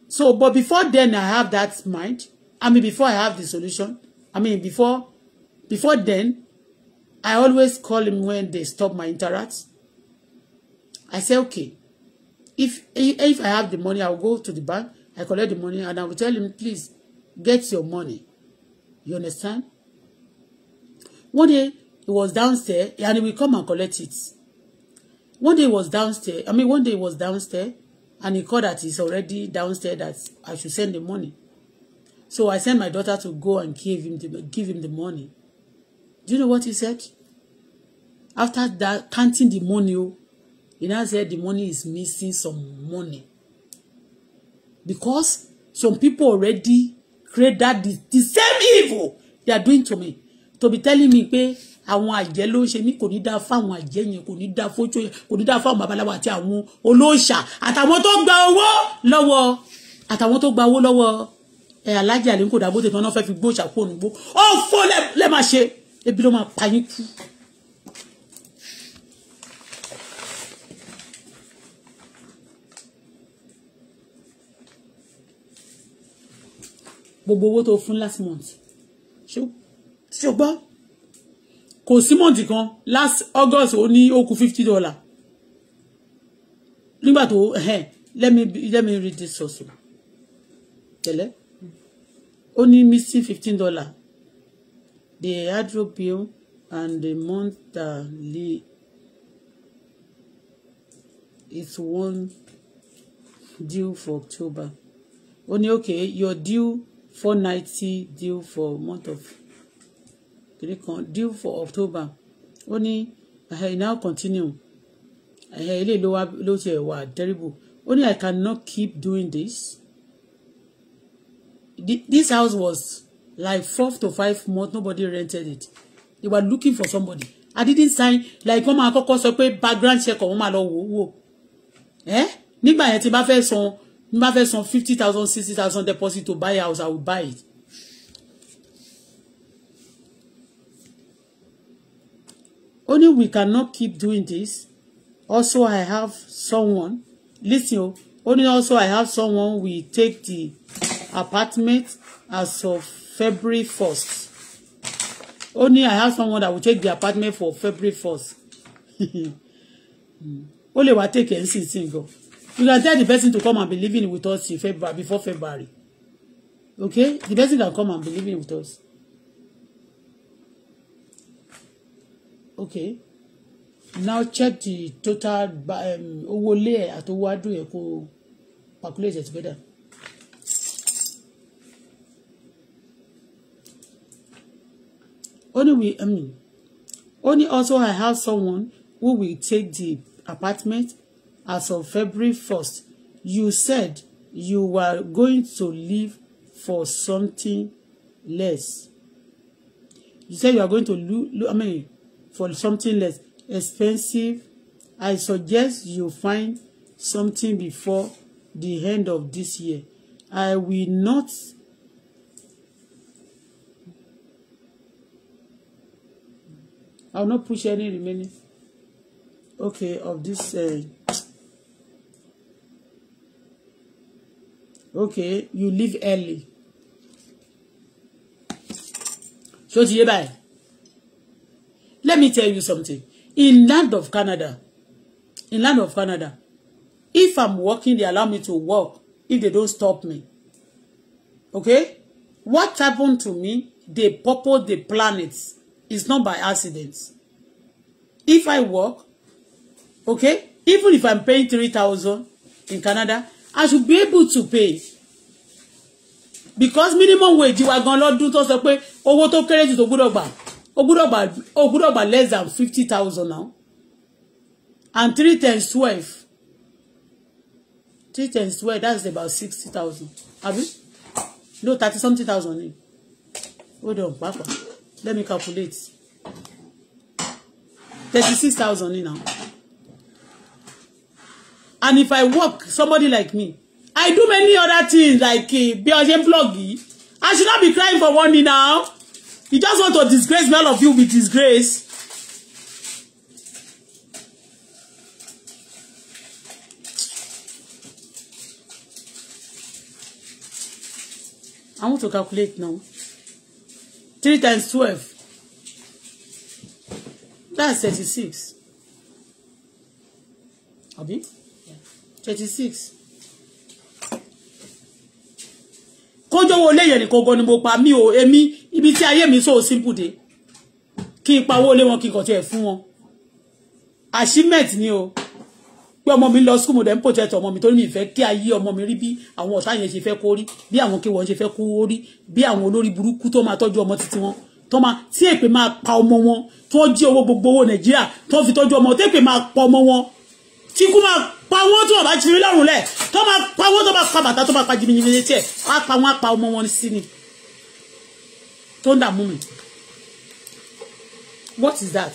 So, but before then, I have that mind. I mean, before I have the solution, I mean, before, before then, I always call him when they stop my interact. I say, okay, if if I have the money, I'll go to the bank. I collect the money and I will tell him, please, get your money. You understand? One day, he was downstairs and he will come and collect it. One day he was downstairs. I mean, one day he was downstairs and he called that he's already downstairs that I should send the money. So I sent my daughter to go and give him the, give him the money. Do you know what he said? After that, counting the money, oh, he now said the money is missing some money. Because some people already create that the, the same evil they are doing to me. To be telling me pay àwọn àjẹ́ ló ń ṣe mí kò ní dáa fáwọn àjẹ́ yẹn kò ní dáa fójú yẹn kò ní dáa fáwọn babaláwo àti àwọn olóòṣà àtàwọn tó gba owó lọ́wọ́ àtàwọn tó gba owó lọ́wọ́ ẹ alájà ní kò dàgbò tètè wọn fẹ́ fi gbó ìṣàkó ònúgbó ó fó lẹ́ máa ṣe ebi ló máa pa yín kú. gbogbo owó tó fún last month ṣé o gbọ́ kò sí month kan last August ó ní ó kù fifty dollar nígbà tó let me let me read this also tẹ́lẹ̀ ó ní missing fifteen dollar the hydro bill and the monthly is one due for October ó ní okay your due four ninety due for month of kìnìún kan due for October ó ní I now continue ilé ló wá ló ti ẹ̀ wà terrible ó ní I cannot keep doing this this house was like four to five months nobody rented it they were looking for somebody I didn't sign like wọ́n máa kọ́kọ́ sọ pé background check wọ́n máa lọ wò wò ẹ́ eh? nígbà yẹn tí n bá fẹ́ san n bá fẹ́ san fifty thousand sixty thousand deposit to buy house I will buy it. Only we cannot keep doing this. Also, I have someone. Listen, only also I have someone We take the apartment as of February 1st. Only I have someone that will take the apartment for February 1st. Ó lè take ẹ̀ sí single. You can tell the person to come and be living with us in February before February. Okay? The person can come and be living with us. Okay. Now check the total um, owó lé ẹ̀ àtowó adùn ẹ̀ kó calculate it together. Only we I mean ó also I have someone who will take the apartment as of February first you said you were going to live for something less you said you are going to lo lo I mean for something less expensive I suggest you find something before the end of this year I will not I will not push any remaining. Okay, of this. Uh, okay, you leave early. So, bye. Let me tell you something. In land of Canada, in land of Canada, if I'm working, they allow me to work if they don't stop me. Okay? What happened to me? They purpose the planets It's not by accident. If I work, okay, even if I'm paying 3,000 in Canada, I should be able to pay. Because minimum wage wa gan lọ́dún tó sọ pé owó tó kéré jù tó gbọ́dọ̀ gbà ó gbọ́dọ̀ gbà ó gbọ́dọ̀ gbà less than 50,000 now. And 3 times 12 three times twelve that's about sixty thousand you? no thirty something thousand ni hold on papa let me calculate thirty-six thousand ni now and if I work somebody like me I do many other things like eh, bí ọṣẹ blog I should not be crying for money now you just want to disgrace me all of you with disgrace. I want to calculate now three times twelve that's thirty six àbí thirty six kójó wo léyìn ní kogo ni mo pa mí o èmi ibi tí ayé mi so simple de kí n pawó lé wọn kí n kàn tiẹ̀ fún wọn achievement ni o pé ọmọ mi lọ school dẹ̀ ń protect ọmọ mi torí mi fẹ́ kí ayé ọmọ mi rí bí àwọn ọ̀tá yẹn ṣe fẹ́ kó rí bí àwọn kéwọ́n ṣe fẹ́ kó rí bí àwọn olórí burúkú tó máa tọ́jú ọmọ títí wọn tó máa tí èpè máa pa ọmọ wọn tó jí owó gbogbo owó nàìjíríà tó fi tọ́jú ọmọ tó èpè máa pa ọmọ wọn tí kú máa pa wọn tó bá jìnnì lọ́rùn lẹ̀ tó máa pa wọn tó bá pa bàtà tó bá pa jìnnì what is that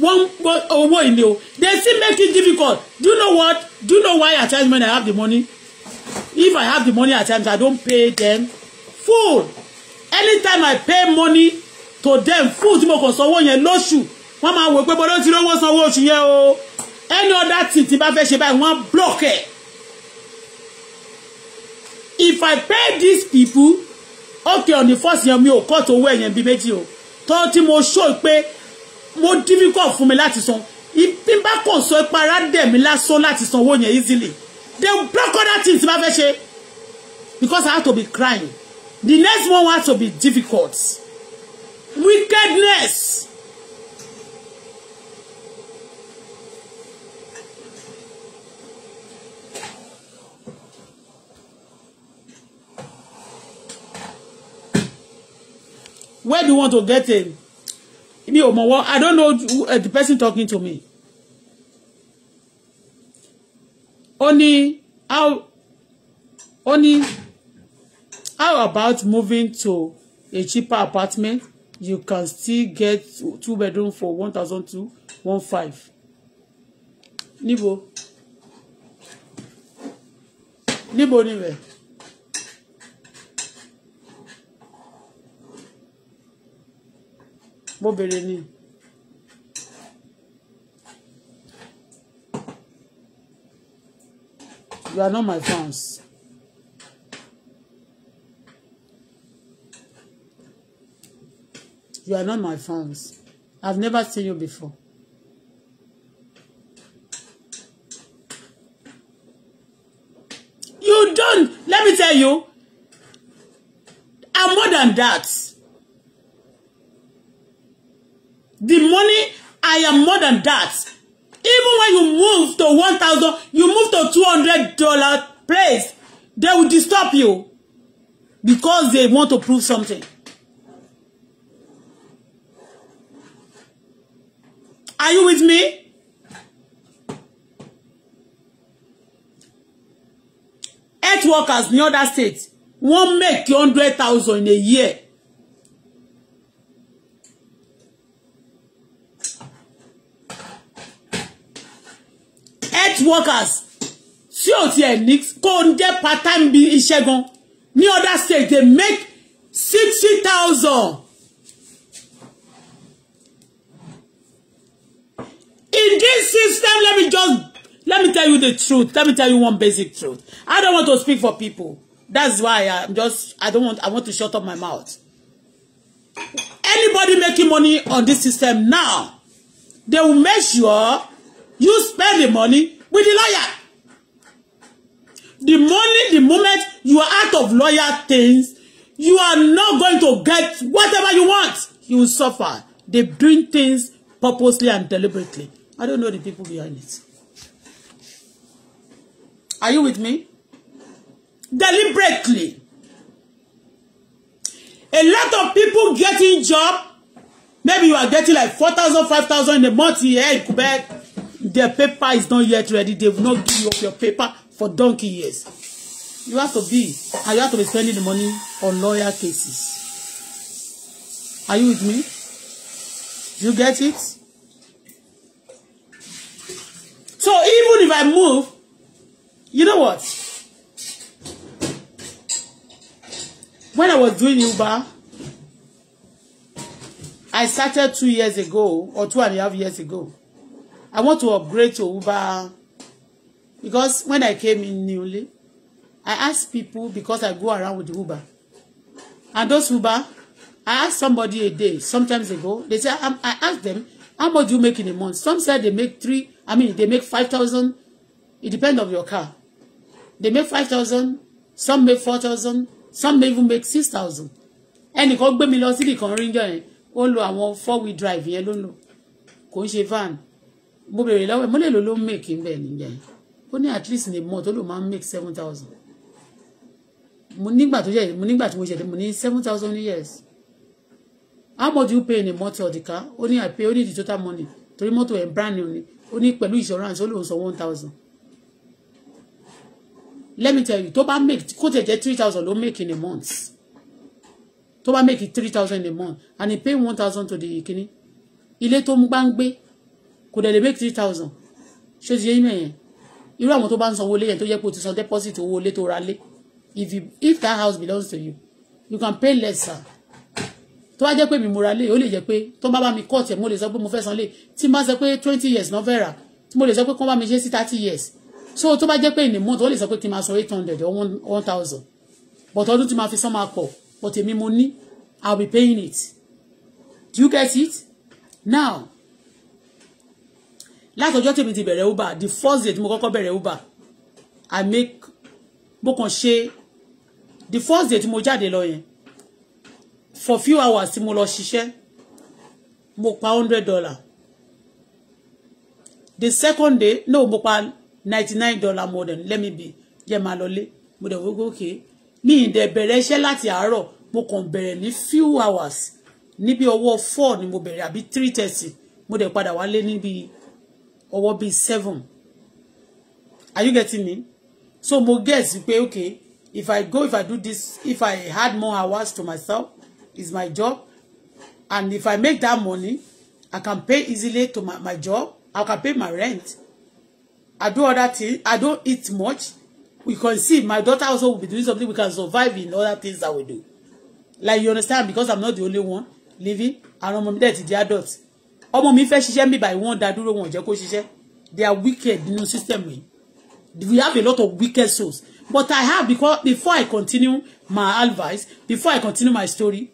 one owó ìlé oh, o they still make it difficult do you know what do you know why at times when I have the money if I have the money at times I don't pay them full anytime I pay money to them full tí mo kàn sanwó yẹn lóṣù wọ́n máa wò pé bọ́dọ̀ tí lówó sanwó oṣù yẹn o any other thing tí bá fẹ́ ṣe báyìí wọ́n block ẹ̀ if I pay these people okay on the first yẹn mi ò kọ́ tó owó ẹ̀yẹn bíi méjì o tó tí mo show pé mo difficult fún mi láti san ibi bá kàn sọ ipa ara dẹ̀ mi lásán láti san owó yẹn easily they will block other things bá fẹ́ ṣe because I had to be crying the next one had to be difficult wickedness. Where do you want to get in? mi ò mọ̀ wọ́n I don't know who, uh, the person talking to me. ó ní how ó ní how about moving to a cheaper apartment you can still get two bedroom for one thousand two one five níbo níbo níbẹ̀. mo bèrè ni. You are not my fans. You are not my fans. I've never seen you before. You don't, let me tell you, I'm more than that. The money, I am more than that. Even when you move to one thousand, you move to two hundred dollar place, they will disturb you because they want to prove something. Are you with me? Health workers in other states wọ́n make hundred thousand in a year health workers tí ò tiẹ̀ ní kó ń jẹ́ part time bí iṣẹ́ gan ní other state they make sixty thousand in this system let me just let me tell you the truth let me tell you one basic truth I don't want to speak for people that's why I'm just I don't want I want to shut up my mouth anybody making money on this system now they will make sure You spend the money with the lawyer. The money, the moment you are out of lawyer things, you are not going to get whatever you want. You will suffer. They doing things purposely and deliberately. I don't know the people behind it. Are you with me? Deliberately. A lot of people getting job. Maybe you are getting like 4,000, 5,000 in a month here in Quebec. Their paper is not yet ready. They will not give you up your paper for donkey years. You have to be, and you have to be spending the money on lawyer cases. Are you with me? Do You get it? So even if I move, you know what? When I was doing Uber, I started two years ago or two and a half years ago. I want to upgrade to Uber because when I came in newly, I asked people because I go around with Uber. And those Uber, I asked somebody a day, sometimes ago, they say, I, I asked them, how much do you make in a month? Some said they make three, I mean, they make 5,000. It depends on your car. They make 5,000, some make 4,000, some may even make 6,000. ẹnìkan gbé mi lọ síbì kan ríjọ yẹn ó lo àwọn four wheel drive yẹn ló ń lò kò ń ṣe van mo bèrè lọ́wọ́ ẹ̀ mo lè lò ló ń make ń bẹ̀ nìyẹn ó ní at least ní mọ́ tó lò máa ń make seven thousand mo nígbà tó yẹ mo nígbà tí mo ṣẹ̀dẹ̀ mo ní seven thousand years how much you pay in a month or the car ó ní i pay ó ní the total money torí mọ́tò ẹ̀ brand new ni ó ní pẹ̀lú insurance ó lòun sọ one thousand let me tell you tó bá make kó tẹ̀ jẹ́ three thousand ló make in a month tó bá make three thousand in a month and he pay one thousand to the kini ilé tó ń gbá ń gbé kò dẹ̀ lè make three thousand ṣé ti yé yín mẹ́yẹn irú àwọn tó bá ń sanwó lé yẹn tó yẹ kó ti san deposit owó lé tó ra lé if you if that house belongs to you you can pay lesser tó bá jẹ́ pé mi múra lé ó lè jẹ́ pé tó bá bá mi kọ́ọ̀tì ẹ̀ mo lè sọ pé mo fẹ́ san lé tí n bá sọ pé twenty years náà fẹ́ rà tí mo lè sọ pé kó bá mi ṣe sí thirty years so tó bá jẹ́ pé in a month wọ́n lè sọ pé kí n máa san eight hundred or one thousand but ọdún tí máa fi san máa pọ̀ but èmi mo ní i will be paying it do you get it now látọjọ́ tèmi ti bẹ̀rẹ̀ uber the first day tí mo kọ́kọ́ bẹ̀rẹ̀ uber i make mo kàn ṣe the first day tí mo jáde lọ yẹn for few hours tí mo lọ ṣiṣẹ́ mo pa hundred dollar the second day no mo pa ninety nine dollar more than let me be jẹ́ máa lọlé mo dẹ̀ wọ́gbọ́ òkè mi ì dẹ̀ bẹ̀rẹ̀ iṣẹ́ láti àárọ̀ mo kàn bẹ̀rẹ̀ ní few hours níbi ọwọ́ four ni mo bẹ̀rẹ̀ àbí three thirty mo dẹ̀ padà wálé níbi Or ọwọ́ be seven are you getting me so mo guess you pay okay if I go if I do this if I had more hours to myself is my job and if I make that money I can pay easily to my, my job I can pay my rent I do other things I don't eat much we can see my daughter also will be doing something we can survive in other things that we do like you understand because I'm not the only one living àwọn ọmọ mi The adults ọmọ mi fẹ́ ṣiṣẹ́ mi báyìí wọ́n dá dúró wọn ò jẹ́ kó ṣiṣẹ́ they are wicked nínú system yìí we have a lot of wicked souls but I have because before I continue my advice before I continue my story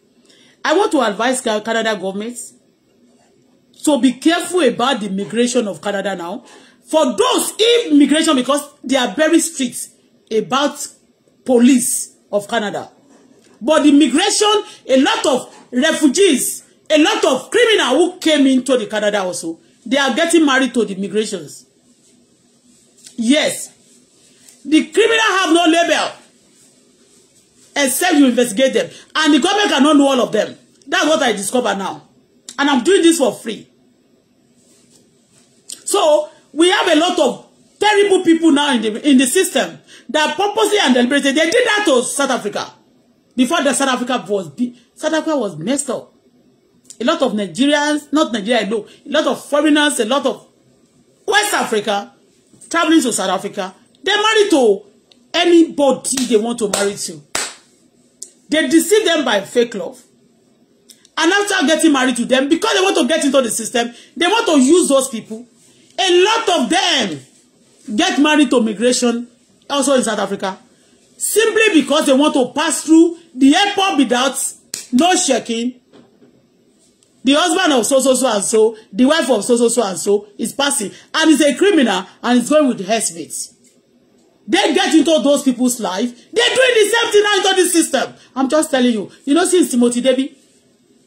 I want to advise Canada government to be careful about the migration of Canada now for those immigration because they are very strict about police of Canada but the migration a lot of refugees a lot of criminal who came into the Canada also, they are getting married to the migrations. Yes. The criminal have no label except you investigate them. And the government cannot know all of them. That's what I discover now. And I'm doing this for free. So, we have a lot of terrible people now in the, in the system that purposely and deliberately, they did that to South Africa. Before the South Africa was, South Africa was messed up a lot of Nigerians, not Nigeria alone, a lot of foreigners, a lot of West Africa, traveling to South Africa, they marry to anybody they want to marry to. They deceive them by fake love. And after getting married to them, because they want to get into the system, they want to use those people. A lot of them get married to migration, also in South Africa, simply because they want to pass through the airport without no checking the husband of so so so and so the wife of so so so and so is passing and is a criminal and is going with the headsmates they get into those people's life They doing the same thing now into the system i'm just telling you you know since Timothy Debbie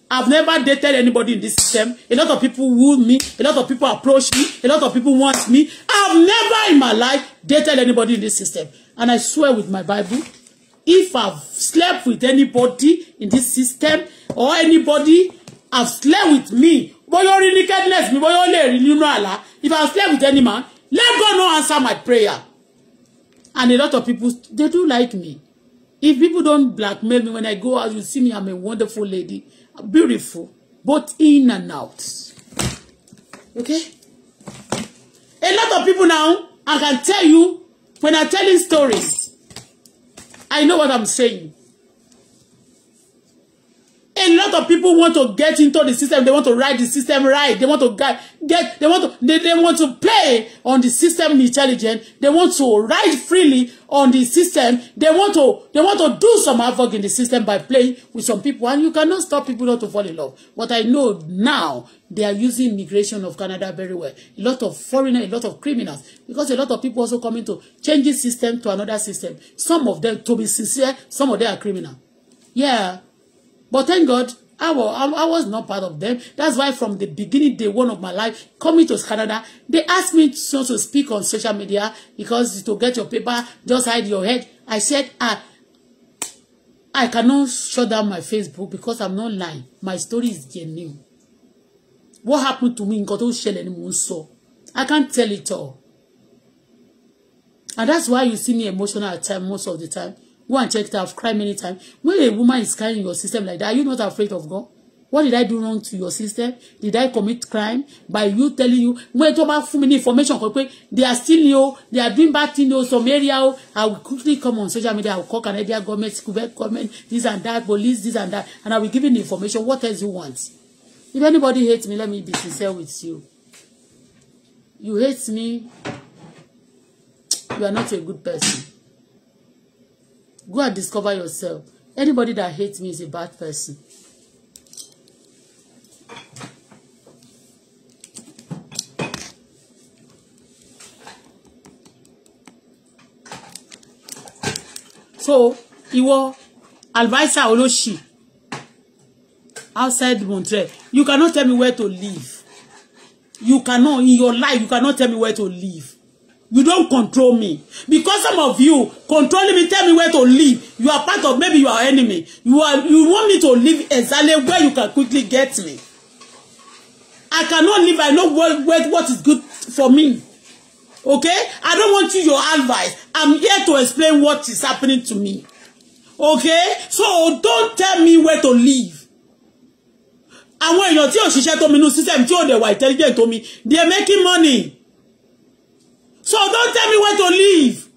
I've never dated anybody in this system. A lot of people woo me. A lot of people approach me. A lot of people want me. I've never in my life dated anybody in this system. And I swear with my Bible, if I've slept with anybody in this system or anybody have slept with me bóyá ó rí nakedness mi bóyá ó lè rí nínú if I slept with any man let God no answer my prayer and a lot of people they do like me if people don't blackmail me when I go out you see me I'm a wonderful lady beautiful both in and out okay a lot of people now I can tell you when I'm telling stories I know what I'm saying A lot of people want to get into the system. They want to ride the system right. They want to get, they want to they, they want to play on the system intelligent. They want to ride freely on the system. They want to they want to do some havoc in the system by playing with some people. And you cannot stop people not to fall in love. What I know now they are using immigration of Canada very well. A lot of foreigners, a lot of criminals, because a lot of people also coming to changing system to another system. Some of them, to be sincere, some of them are criminal. Yeah. But thank God, I was, I was not part of them. That's why from the beginning, day one of my life, coming to Canada, they asked me so to speak on social media because to get your paper, just hide your head. I said, I, ah, I cannot shut down my Facebook because I'm not lying. My story is genuine. What happened to me? in tó ṣẹlẹ̀ ni mò I can't tell it all. And that's why you see me emotional at time most of the time go and check it i've cried many times when a woman is carrying your system like that are you not afraid of God what did i do wrong to your system did i commit crime by you telling you when tó bá fún mi ní information kan pé they are still o they are doing bad thing o oh, some area o oh, i will quickly come on social media i will call Canadian government Quebec government this and that police this and that and i will give you the information what else you want if anybody hate me let me be sincere with you you hate me you are not a good person go and discover yourself anybody that hates me is a bad person. so ìwọ adviser olóṣì outside Montreal you cannot tell me where to live you cannot in your life you cannot tell me where to live You don't control me. Because some of you controlling me, tell me where to live. You are part of maybe you are enemy. You are you want me to live exactly where you can quickly get me. I cannot live. I know what what, what is good for me. Okay? I don't want you your advice. I'm here to explain what is happening to me. Okay? So don't tell me where to live. Àwọn èèyàn tí ò ṣiṣẹ́ tó mi nú system tí ò dẹ̀ wà intelligent tó they are making money. So don't tell me where to live.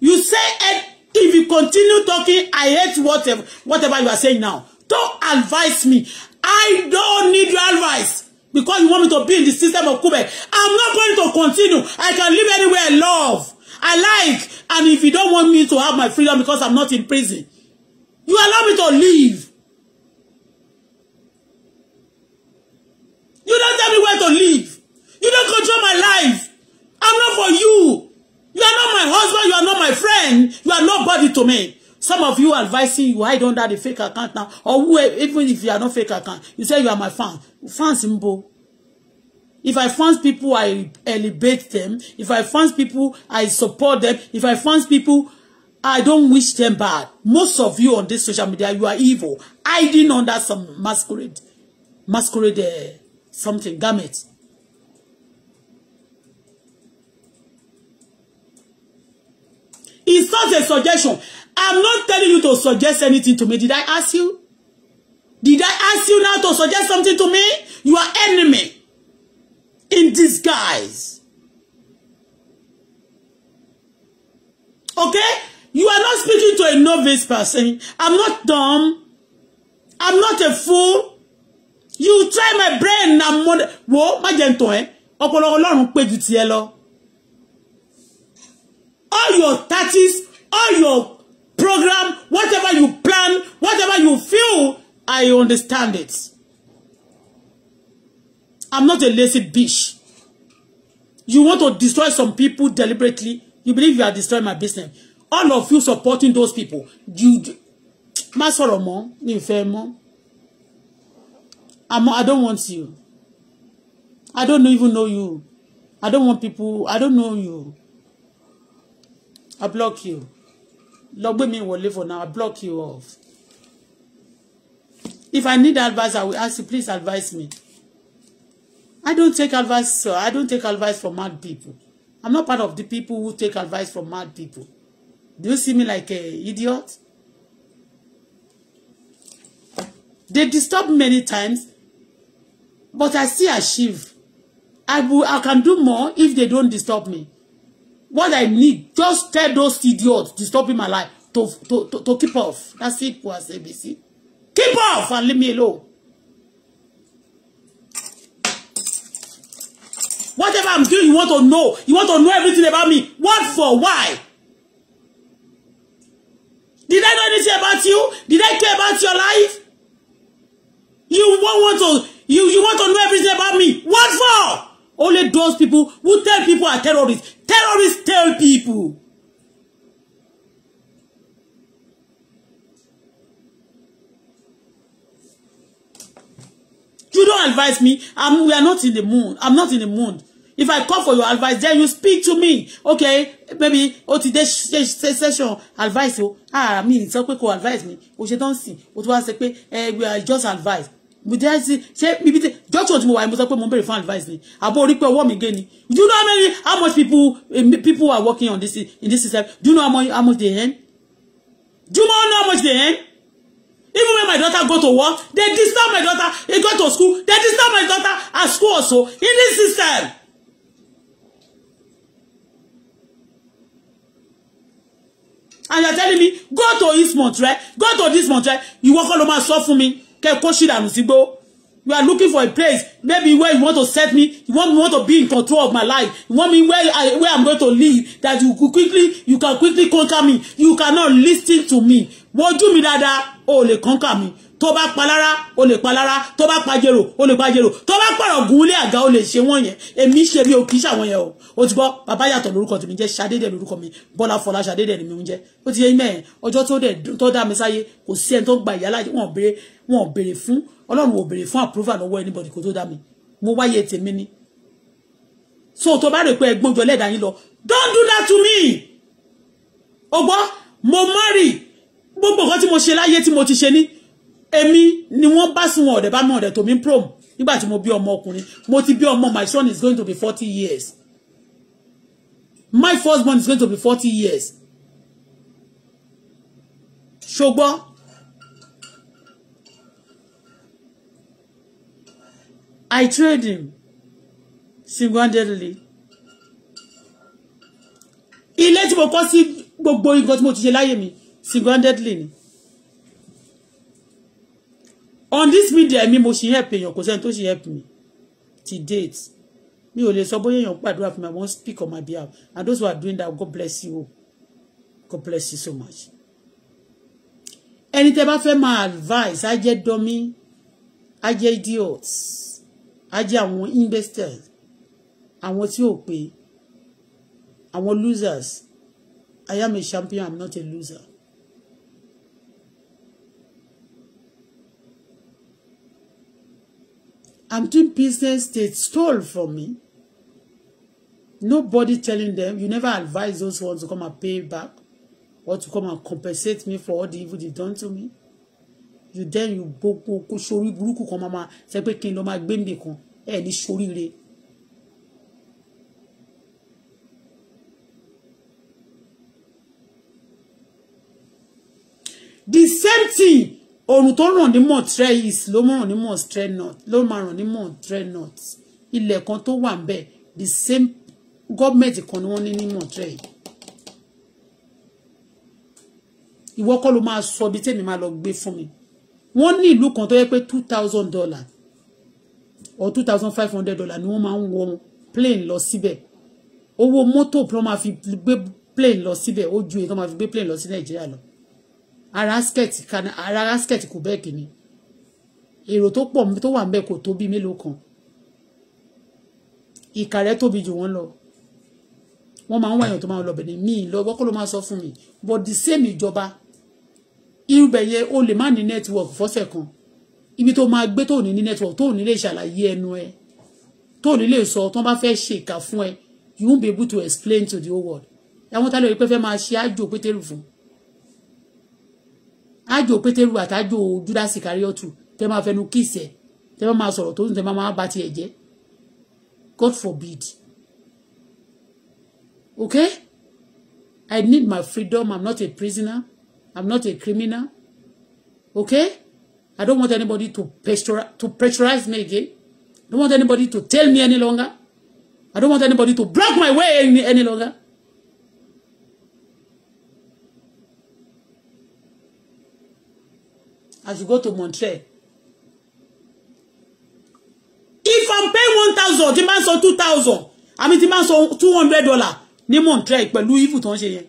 You say, eh, if you continue talking, I hate whatever, whatever you are saying now. Don't advise me. I don't need your advice because you want me to be in the system of Quebec. I'm not going to continue. I can live anywhere I love. I like. And if you don't want me to have my freedom because I'm not in prison, you allow me to leave. You don't tell me where to leave my life. I'm not for you. You are not my husband. You are not my friend. You are nobody to me. Some of you advising you hide under the fake account now. Or who, even if you are not fake account, you say you are my fan. Fan symbol. If I fans people, I elevate them. If I fans people, I support them. If I fans people, I don't wish them bad. Most of you on this social media, you are evil. Hiding under some masquerade. Masquerade uh, something, garment. It's not a suggestion. I'm not telling you to suggest anything to me. Did I ask you? Did I ask you now to suggest something to me? You are enemy in disguise. Okay? You are not speaking to a novice person. I'm not dumb. I'm not a fool. You try my brain. I'm more. Wo, má jẹ́ ń tàn ẹ́. Ọpọlọ Ọlọ́run pé ju all your tactics, all your program, whatever you plan, whatever you feel, I understand it. I'm not a lazy bitch. You want to destroy some people deliberately. You believe you are destroying my business. All of you supporting those people. You, má sọ̀rọ̀ mọ́, I'm, I don't want you. I don't even know you. I don't want people. I don't know you. I block you. Lọ gbé mi wọlé for now. I block you off. If I need advice, I will ask you, please advise me. I don't take advice, sir. I don't take advice from mad people. I'm not part of the people who take advice from mad people. Do you see me like a idiot? They disturb many times, but I still achieve. I will, I can do more if they don't disturb me what I need, just tell those idiots to stop in my life to, to, to, to keep off. That's it, Kwasi ABC. Keep off and leave me alone. Whatever I'm doing, you want to know. You want to know everything about me. What for? Why? Did I know anything about you? Did I care about your life? You won't want to, you, you want to know everything about me. What for? Only those people who tell people are terrorists. Terrorists tell people. You don't advise me. I'm, we are not in the mood. I'm not in the mood. If I call for your advice, then you speak to me. Okay, maybe o ti session advice Oh, Ah, mi sọ pé kò advise me. Oh, ṣe don't see. What was the pay? pé eh, we are just advised bìtẹ́ sí say, ibi tí jọ́tò tí mo wà ní mo sọ mo ń béèrè advice ni àbó orí pé ọwọ́ mi gé ni do you know how many how much people eh, people are working on this in this system do you know how much, how much they earn do you know how much they earn even when my daughter go to work they disturb my daughter they go to school they disturb my daughter at school also in this system. and you're telling me go to this month, right? go to this month, Montreal ìwọ kọ́ ló máa sọ fún me kẹ́ kó ṣì dànù sígbó you are looking for a place maybe where you want to set me you want me want to be in control of my life you want me where I where I'm going to live that you quickly you can quickly conquer me you cannot listen to me wojú mi dada, o lè conquer me tó bá palára o lè palára tó bá pajero o lè pajero tó bá pọ̀rọ̀ gúnlé àga o lè ṣe wọ́n yẹn èmi ṣe mi ò kì ṣàwọn yẹn o o ti bọ́ bàbá yàtọ̀ lórúkọ tèmi jẹ́ ṣadédè lórúkọ mi bọ́lá fọlá ṣadédè ni mi ń jẹ́ ó ti yẹ mẹ́ẹ̀ ọjọ́ tó dẹ̀ tó dá mi sáyé kò sí ẹni tó gba ìyá láyé wọn béèrè wọn béèrè fún ọlọ́run ò béèrè fún approval lọ́wọ́ anybody kó tó dá mi mo wáyé tèmi ni so tó bá rè pé ẹgbọ́n jọ lẹ́dàá yín lọ don't do that to me o gbọ́ mo marry gbogbo nǹkan tí mo ṣe láyé tí mo ti ṣe ní Emi, ni wọ́n bá sùn wọn ọ̀dẹ̀ bá mọ ọ̀dẹ̀ tòmí prom nígbà tí mo bí ọmọ ọkùnrin mo ti bí ọmọ my son is going to be forty years my first born is going to be forty years ṣùgbọ́n I trade him single-handedly. Ilé tí mo kọ́ sí gbogbo nǹkan tí mo ti ṣe láyé mi single ni on this media mi mo ṣì help èèyàn kò sẹ́ni To ṣì help me, till date mi ò lè sọ bóyá èèyàn gbàdúrà fún mi i speak on my behalf and those who are doing that god bless you god bless you so much. Anything tẹ́ bá fẹ́ advice á jẹ́ dọ́mí á jẹ́ idiot á jẹ́ àwọn investors àwọn tí ò pé àwọn losers i am a champion I'm not a loser I'm doing business they stole from me. Nobody telling them, you never advise those ones to come and pay back or to come and compensate me for all the evil they done to me. You then you gbogbo kó sórí burúkú kan máa ṣe pé kí n lọ máa gbé mi kan ẹ ní sóríire. The same thing òrùn to ràn ní Montreal east ló mọ̀ ràn ní Montreal north ló máa ràn ní Montreal north ilẹ̀ kan tó wà ń the same government kan ni wọ́n ní ní Montreal yìí ìwọ kọ́ ló máa sọ bí tèmi máa lọ gbé fún mi wọ́n ní ìlú kan tó yẹ pé two thousand dollar or two thousand five hundred dollar ni wọ́n máa ń plane lọ síbẹ̀ owó mọ́tò ló máa fi gbé plane lọ síbẹ̀ ó ju èyí tó fi gbé plane lọ sí Nàìjíríà lọ ara skirt kan ara skirt kò bẹ́ẹ̀ kìíní èrò tó pọ̀ tó wà ńbẹ̀ kò tó bí mélòó kan ìkà rẹ̀ tóbi jù wọ́n lọ wọ́n máa ń wáyàn tó máa ń lọ bẹ̀rẹ̀ mí lọ wọ́kọ́ ló máa sọ fún mi but the same ìjọba irú bẹ̀yẹ o lè má ní network fọ́sẹ̀ kan ibi tó máa gbé tó ní ní network tó ní lè ṣàlàyé ẹnu ẹ tó ní lè sọ tó bá fẹ́ ṣe ìkà fún ẹ you won't be able to explain to the whole world àwọn tá lórí pé fẹ́ máa ṣe àjò pétérù fún ájò pétérù àtàjò júdásì káríọ̀tù tẹ́ máa fẹnu kíìsì ẹ̀ tẹ́ máa sọ̀rọ̀ tó ń tẹ́ máa bá tiẹ̀ jẹ́ God forbid okay I need my freedom I'm not a prisoner I'm not a criminal okay I don't want anybody to pressurize, to pressurize me again I don't want anybody to tell me any longer I don't want anybody to block my way any, any longer I should go to Montreal. If I'm paying one thousand, tí n bá two thousand, àmì tí n so two hundred dollar ní Montreal but Louis tó ń ṣe yẹn.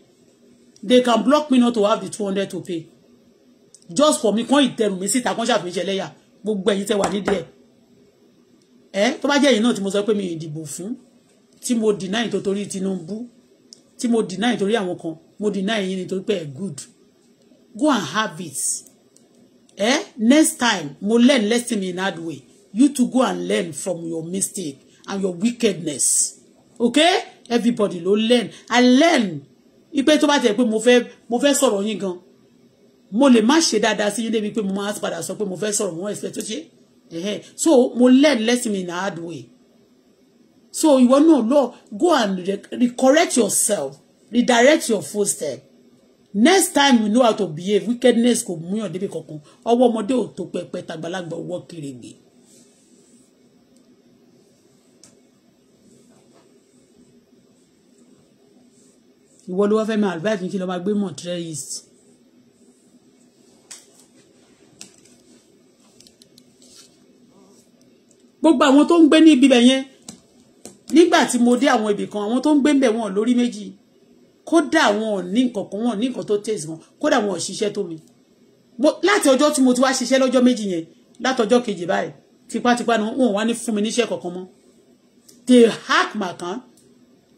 They can block me not to have the two hundred to pay. Just for me, kàn ìtẹrù mi síta kàn ṣàfihàn ìṣẹ̀lẹ̀ yà gbogbo ẹ̀yin tẹ́ wà nídìí ẹ̀. Ẹ tó eh, jẹ́ ẹ̀yin náà tí mo sọ pé mi the buffoon. tí mo deny tó torí Tinubu tí mo deny torí àwọn kan mo deny yín nítorí pé pay good go and have it eh next time mo learn lesson in hard way you to go and learn from your mistake and your wickedness okay everybody ló learn i learn ipe tó bá tẹ̀ pé mo fẹ́ mo fẹ́ sọ̀rọ̀ yín gan mo lè má ṣe dáadáa sí yín débi pé mo máa padà sọ pé mo fẹ́ sọ̀rọ̀ mo expect tó ṣe so mo learn lesson in hard way so you want náà law go and re correct yourself redirect your footsteps next time you know how to behave wickedness kò mú yàn débi kankan ọwọ́ ọmọdé ò tó pẹpẹ tàgbàlagbà ọwọ́ kèrègbè. ìwọ ló wá fẹ́ máa advice mi kí lọ́ọ́ máa gbé Montreal east. gbogbo àwọn tó ń gbé ní ibi bẹ̀ yẹn nígbà tí mo dé àwọn ibì kan àwọn tó ń gbé ń bẹ̀ wọ́n lórí méjì kódà wọn ò ní nǹkan kan wọn ò ní nǹkan tó tẹ̀sí wọn kódà wọn ò ṣiṣẹ́ tó mi láti ọjọ́ tí mo ti wá ṣiṣẹ́ lọ́jọ́ méjì yẹn látọjọ́ kejì báyìí tipátipá ni wọn wá ní fún mi níṣẹ́ kankan mọ́ they hack my account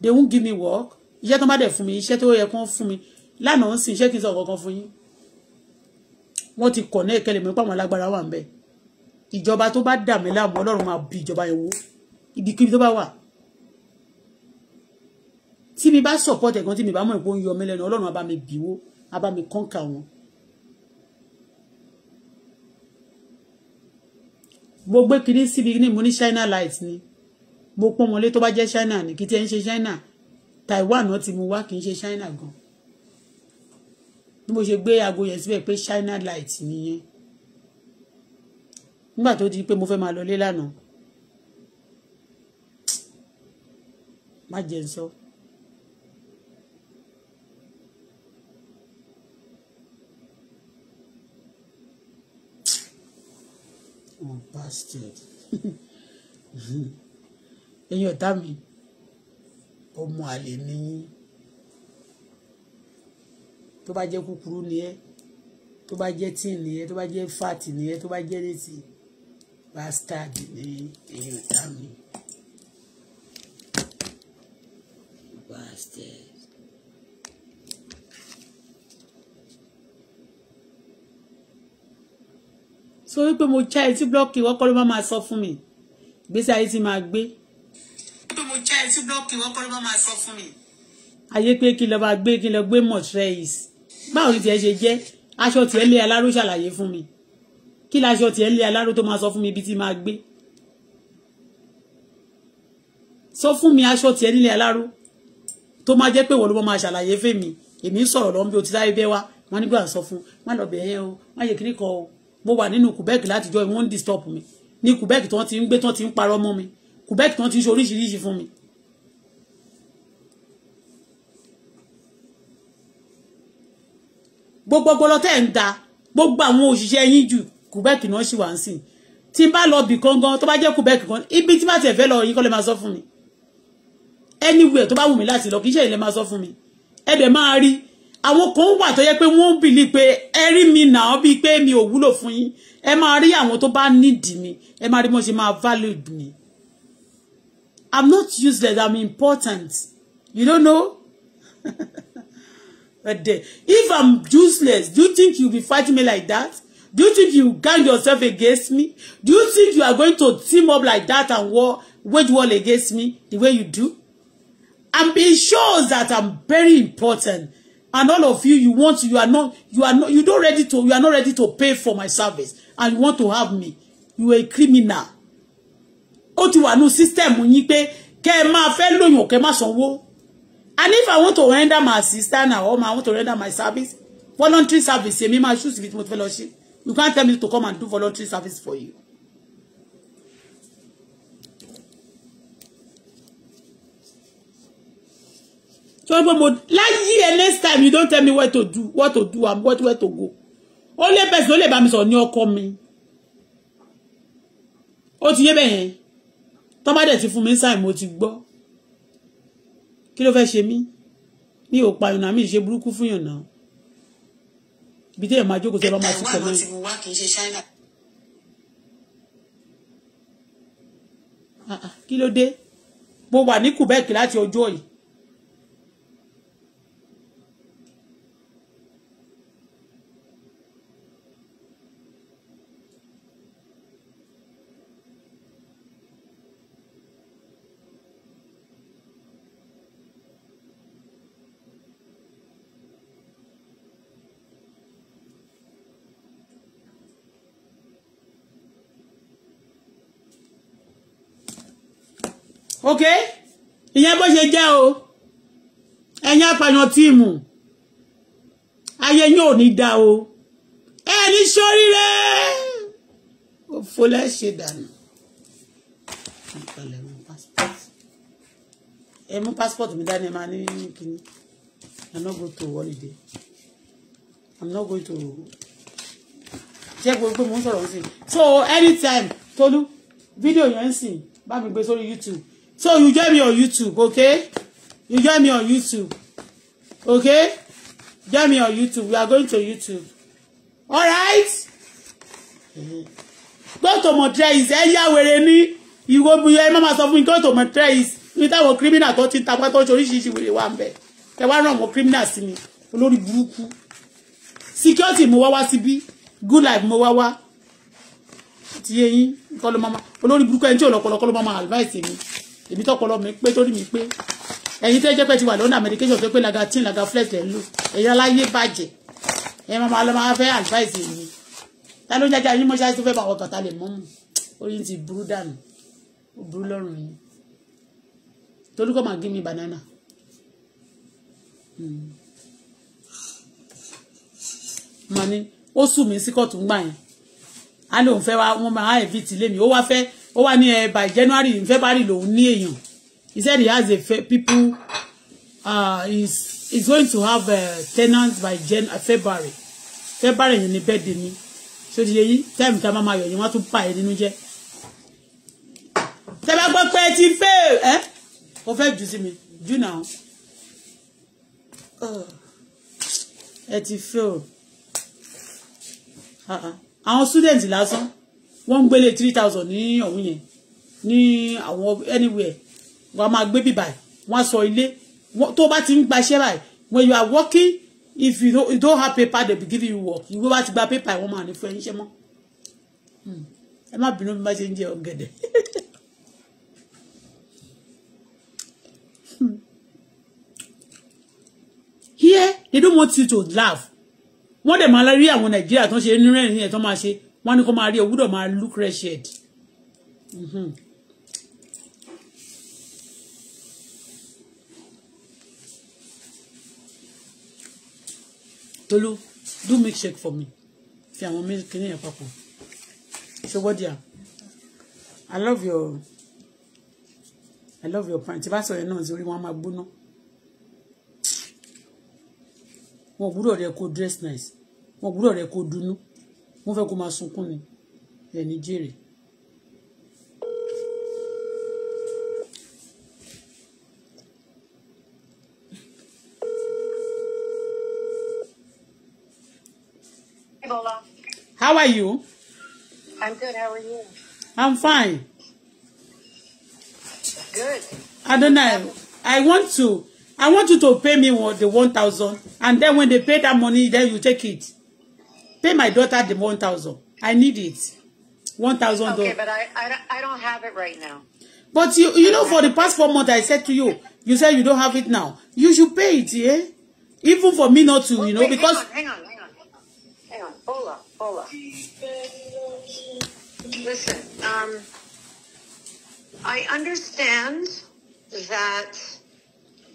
they won't give me work iṣẹ́ tó bá dẹ̀ fún mi iṣẹ́ tó yẹ kó fún mi lánàá ń sin iṣẹ́ kí n sọ kankan fún yín wọ́n ti kọ̀ náà kẹlẹ̀ mi pàmò alágbára wà ń bẹ̀ ìjọba tó bá dà mí láàmú ọlọ́run máa bí ìjọba yẹn wó ibikíbi tó bá wà tí mi bá support ẹ̀gán tí mi bá mọ̀ ìpò ń yọ mí lẹ́nu ọlọ́run á mi bìwó á mi kọ́ńkà wọn. mo gbé kinní síbi ní mo ní China light ni mo pọ́n mọ́lé tó bá jẹ́ China ni kì í tiẹ̀ ń ṣe China Taiwan náà ti mú wá kì í ṣe China gan bí mo ṣe gbé aago yẹn síbẹ̀ pé China light nìyẹn nígbà tó di pé mo fẹ́ máa lọlé lánàá má jẹ́ ń wọn bastard ẹ̀yin ọ̀tá mi ọmọ àlè ni tó bá jẹ́ kúkúrú ni ẹ́ tó bá jẹ́ tíì ni ẹ́ tó bá jẹ́ fàtì ni ẹ́ tó bá bastard ni ẹ̀yin ọ̀tá mi bastard. so wípé mo já etí blọọkì wọ́n kọ́ ló máa sọ fún mi ìgbésí ayé ti máa gbé. wípé mo já etí blọọkì wọ́n kọ́ ló máa sọ fún mi. ayé pé kí n lọ bá gbé kí n lọ gbé mọ̀trẹ́yìs báwo ni tiẹ̀ ṣe jẹ́ aṣọ tiẹ̀ lé aláró ṣàlàyé fún mi kí laṣọ tiẹ̀ lé aláró tó máa sọ fún mi ibi tí máa gbé sọ fún mi aṣọ tiẹ̀ nílé aláró tó máa jẹ́ pé wọ́n ló máa ṣàlàyé fèmí èmi sọ̀rọ̀ lọ́nbí òtítà ibẹ̀ wa wọ́n nígbà sọ fún wọn lọ bẹ̀ẹ́ o wọ́n yẹ kíní kan o mo wà nínú Quebec látijọ́ wọ́n ń disturb mi ní Quebec tí wọ́n ti ń gbé tí wọ́n ti ń parọ́ mọ́ mi Quebec tí wọ́n ti ń ṣe oríṣiríṣi fún mi. gbogbo ọgbọlọ tẹ́ ń da gbogbo àwọn òṣìṣẹ́ yín jù Quebec náà ṣì wà ń sìn tí n bá lọ bì kangan tó bá jẹ́ Quebec kan ibi tí bá tẹ̀ fẹ́ lọ yín kọ́ lè máa sọ fún mi anywhere tó bá wù mí láti lọ kì í ṣe ilẹ̀ máa sọ fún mi ẹ dẹ̀ máa rí àwọn kan wà tó yẹ pé wọ́n bìlí pé ẹ rí mi nà ọ́ pé mi ò wúlò fún yín ẹ máa rí àwọn tó bá nídìí mi ẹ máa rí mo ṣe máa valid mi i'm not useless i'm important you don't know but then, if i'm useless do you think you be fighting me like that do you think you gang yourself against me do you think you are going to team up like that and war wage war against me the way you do I'm being sure that i'm very important and all of you you want you are not you are not you don't ready to you are not ready to pay for my service and you want to have me you are a criminal ó ti wà nù system yín pé kẹ́ ẹ máa fẹ́ lóyún kẹ́ má and if i want to render my assistance or i want to render my service voluntary service me máa choose with tí mo fẹ́ you can't tell me to come and do voluntary service for you torí pé mo last year. next time you don't tell me what to do what to do and what where to go Only person only sì ó lè bá mi sọ̀rọ̀ ní ọkọ mi ó ti yé bẹ́ẹ̀ yẹn tọ́ bá dẹ̀ ti fún mi ń sáì mo ti gbọ́ kí ló fẹ́ ṣe mí mi ò pa ìrìnà mi ṣe burúkú fún yàn náà ibi tí èèyàn máa jókòó sí ọlọ́mọ àti pẹ̀lú kí ló dé mo wà ní Quebec láti ọjọ́ yìí ok ìyẹn bó ṣe jẹ́ o ẹ̀yin apàyàn tíìmù ayé yín ò ní dá o ẹni sóríire òfò lẹ́sẹ̀ dànù ẹ mú passport mi dání ẹ máa ní kíní i'm not going to holiday i'm not going to jẹ́ gbogbo mo ń sọ̀rọ̀ ń sìn so anytime Tolú fídíò yẹn ń sìn bá mi gbé sórí YouTube So you get me on YouTube, okay? You get me on YouTube, okay? Get me on YouTube. We are going to YouTube. All right? Go to Montreal. Ẹ̀yà wèrè ni ìwọ you go mama your mama mi go to Montreal. Ibi táwọn criminal tó ti ń tapá tó ń ṣoríṣiríṣi wèrè wà ń bẹ̀. Ẹ wá ràn wọ́n criminal sí mi. Olórí burúkú. Security mo wá wá Good life mo wá wá. Ti yẹ yín kọ́ ló máa olórí burúkú ẹni tí ò lọ́pọ̀lọpọ̀ ló máa advice mi èmi tọ́pọ̀lọ́ mi pé torí mi pé ẹ̀yin tẹ́ jẹ́ ti wà lọ́nà medication tó pé lagatin lagaflex lẹ́ ń lò ẹ̀yin aláyé bàjẹ́ ẹ̀yin máa lọ máa fẹ́ advice mi ta ló ń jáde ayé mọ́ṣáláṣí tó fẹ́ bá àwọn bàtà lè mọ́mù oyin ti burú dànù ó burú lọ́rùn yìí torí kọ́ máa gí mi banana. mani hmm. ó sùn mí sí kóòtù ń gbà yẹn á lóun fẹ́ wá wọ́n máa á ẹ̀fì tìlé mi ó wá fẹ́ ó wà ní ẹ eh, by January in February lòun ní èèyàn he said he has a people uh, he's, he's going to have uh, tenants by Jan uh, February February yẹn ni birthday mi so ti yẹ yí time tá a máa ma yọ̀ yẹn wọ́n tún pa ẹ̀ nínú jẹ́ tẹ́ bá gbọ́ pé ẹ ti fẹ́ ẹ́ eh? o fẹ́ jù sí mi jù náà ẹ ti fẹ́ o àwọn student lásán wọ́n ń gbélé three thousand ní ọ̀hún yẹn ní àwọn anywhere wọ́n á máa gbé bíbà wọ́n á sọ ilé tó bá ti ń gbaṣẹ́ báyìí when you are working if you don't, you don't have paper they be giving you work ìwé wa ti gba paper ìwọ́n máa ní fún ẹyin ṣe mọ́ hmm. ẹ má bínú bí wọ́n ṣe ń jẹ ọ̀gẹ̀dẹ̀. Hmm. here they don't want you to laugh wọ́n dẹ̀ máa rí àwọn nàìjíríà tó ń ṣe nírẹ̀ẹ́rìn ẹ̀ tó máa ṣe wọ́n ní kó máa rí ewúrọ̀ máa look wretched. Mm-hmm. Tolu do make shake for me fi àwọn kíní yẹn papọ̀ ṣe wọ́n díà I love your I love your pants tí bá sọ̀rọ̀ yẹn náà sórí wọn máa gbóná wọn gbúdọ̀ rẹ kó dress nice wọn gbúdọ̀ rẹ kó dunú wọ́n fẹ́ kó máa sunkún ni ẹni jèrè. How are you? I'm good. How are you? I'm fine. Good. I don't know. I want to, I want you to pay me the one thousand, and then when they pay that money, then you take it. Pay my daughter the 1,000. I need it. 1,000 Okay, but I, I, don't, I don't have it right now. But you, you know, for the past four months, I said to you, you said you don't have it now. You should pay it, yeah? Even for me not to, you know, Wait, because... Hang on, hang on, hang on. Hang on. Hola, hola. Listen, um, I understand that,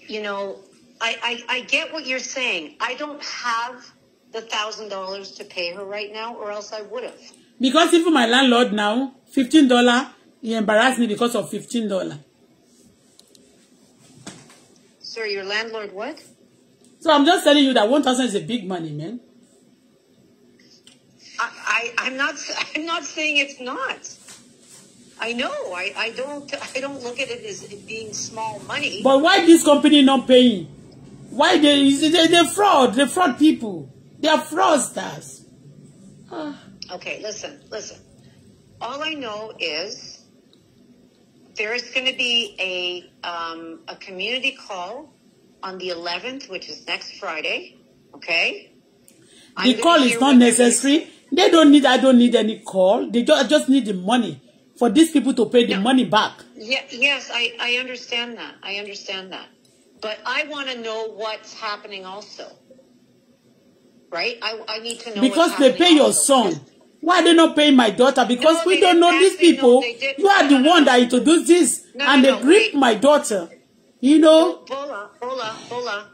you know, I, I, I get what you're saying. I don't have the thousand dollars to pay her right now, or else I would have. Because even my landlord now, fifteen dollar, he embarrassed me because of fifteen dollar. Sir, your landlord what? So I'm just telling you that one thousand is a big money, man. I, I I'm not I'm not saying it's not. I know. I, I don't I don't look at it as it being small money. But why this company not paying? Why they they, they fraud? They fraud people. They are fraudsters. Ah. Okay, listen, listen. All I know is there's going to be a, um, a community call on the 11th, which is next Friday. Okay? I'm the call is not necessary. They don't need, I don't need any call. They just, just need the money for these people to pay the no. money back. Yeah, yes, I, I understand that. I understand that. But I want to know what's happening also right? I, I need to know because they pay your son. Why are they not paying my daughter? Because no, we don't know these people. No, you are the one that introduced this, and they gripped my daughter. You know. Bola, Bola, Bola.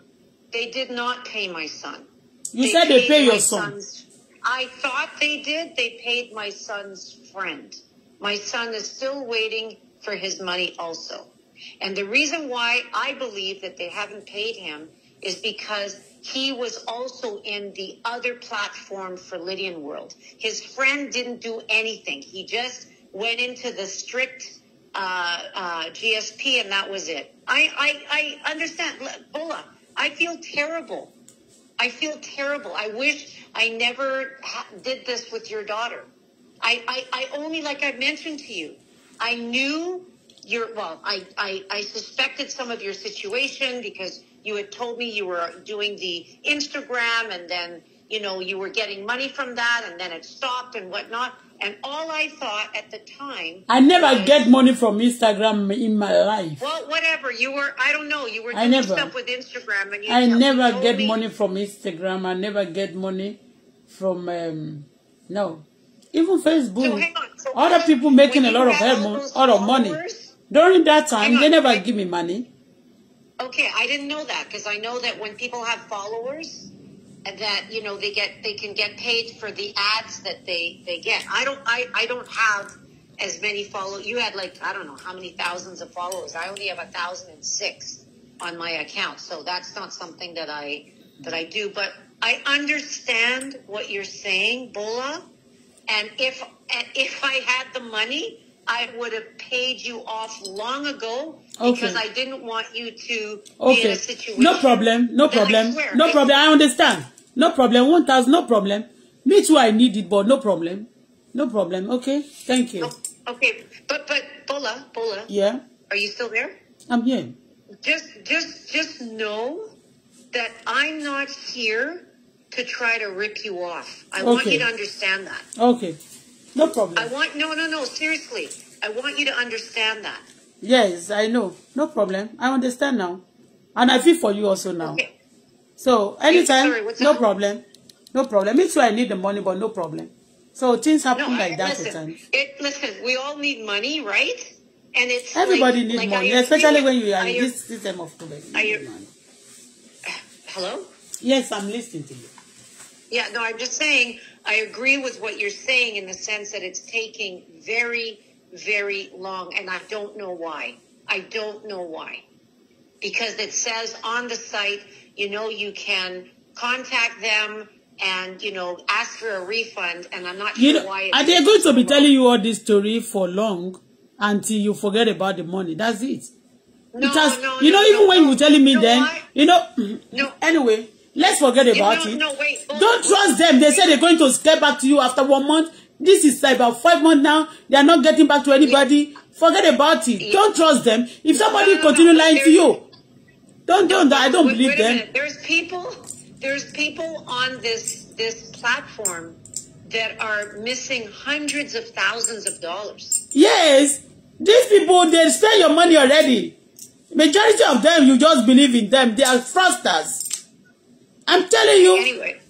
They did not pay my son. You they said they pay your son. I thought they did. They paid my son's friend. My son is still waiting for his money also. And the reason why I believe that they haven't paid him is because he was also in the other platform for Lydian World. His friend didn't do anything. He just went into the strict uh, uh, GSP, and that was it. I, I, I understand. Bola, I feel terrible. I feel terrible. I wish I never ha- did this with your daughter. I, I, I only, like I mentioned to you, I knew your, well, I, I, I suspected some of your situation because you had told me you were doing the Instagram and then, you know, you were getting money from that and then it stopped and whatnot. And all I thought at the time. I never was, get money from Instagram in my life. Well, whatever. You were, I don't know. You were doing I never, stuff with Instagram. and you I never get me. money from Instagram. I never get money from, um, no. Even Facebook. So so other people making a lot of, help, lot of money. During that time, they never give me money. Okay, I didn't know that because I know that when people have followers, that you know they get they can get paid for the ads that they they get. I don't I I don't have as many follow. You had like I don't know how many thousands of followers. I only have a thousand and six on my account, so that's not something that I that I do. But I understand what you're saying, Bola. And if if I had the money, I would have paid you off long ago okay. because I didn't want you to okay. be in a situation. No problem. No problem. No problem. I understand. No problem. One thousand. No problem. Me too. I need it, but no problem. No problem. Okay. Thank you. Oh, okay. But but Bola Bola. Yeah. Are you still there? I'm here. Just just just know that I'm not here to try to rip you off. I okay. want you to understand that. Okay. No problem. I want, no, no, no, seriously. I want you to understand that. Yes, I know. No problem. I understand now. And I feel for you also now. Okay. So, anytime, hey, sorry, no up? problem. No problem. Me too, I need the money, but no problem. So things happen no, like I, that listen, at It, listen, we all need money, right? And it's everybody like, needs like money, especially when you are, are in this system of COVID. Are you, hello? Yes, I'm listening to you. Yeah, no, I'm just saying I agree with what you're saying in the sense that it's taking very, very long, and I don't know why. I don't know why. Because it says on the site, you know, you can contact them and, you know, ask for a refund, and I'm not you sure know, why. Are they going to be long. telling you all this story for long until you forget about the money? That's it. No, it has, no, you know, no, even when you are telling me then, why? you know, no. anyway. Let's forget about no, it. No, wait, Don't trust them. They say they're going to get back to you after one month. This is about five months now. They are not getting back to anybody. Yeah. Forget about it. Yeah. Don't trust them. If somebody no, continue lying to you, don't don't. I don't believe them. There's people. There's people on this this platform that are missing hundreds of thousands of dollars. Yes, these people they spend your money already. Majority of them, you just believe in them. They are fraudsters. I'm telling you. Anyway.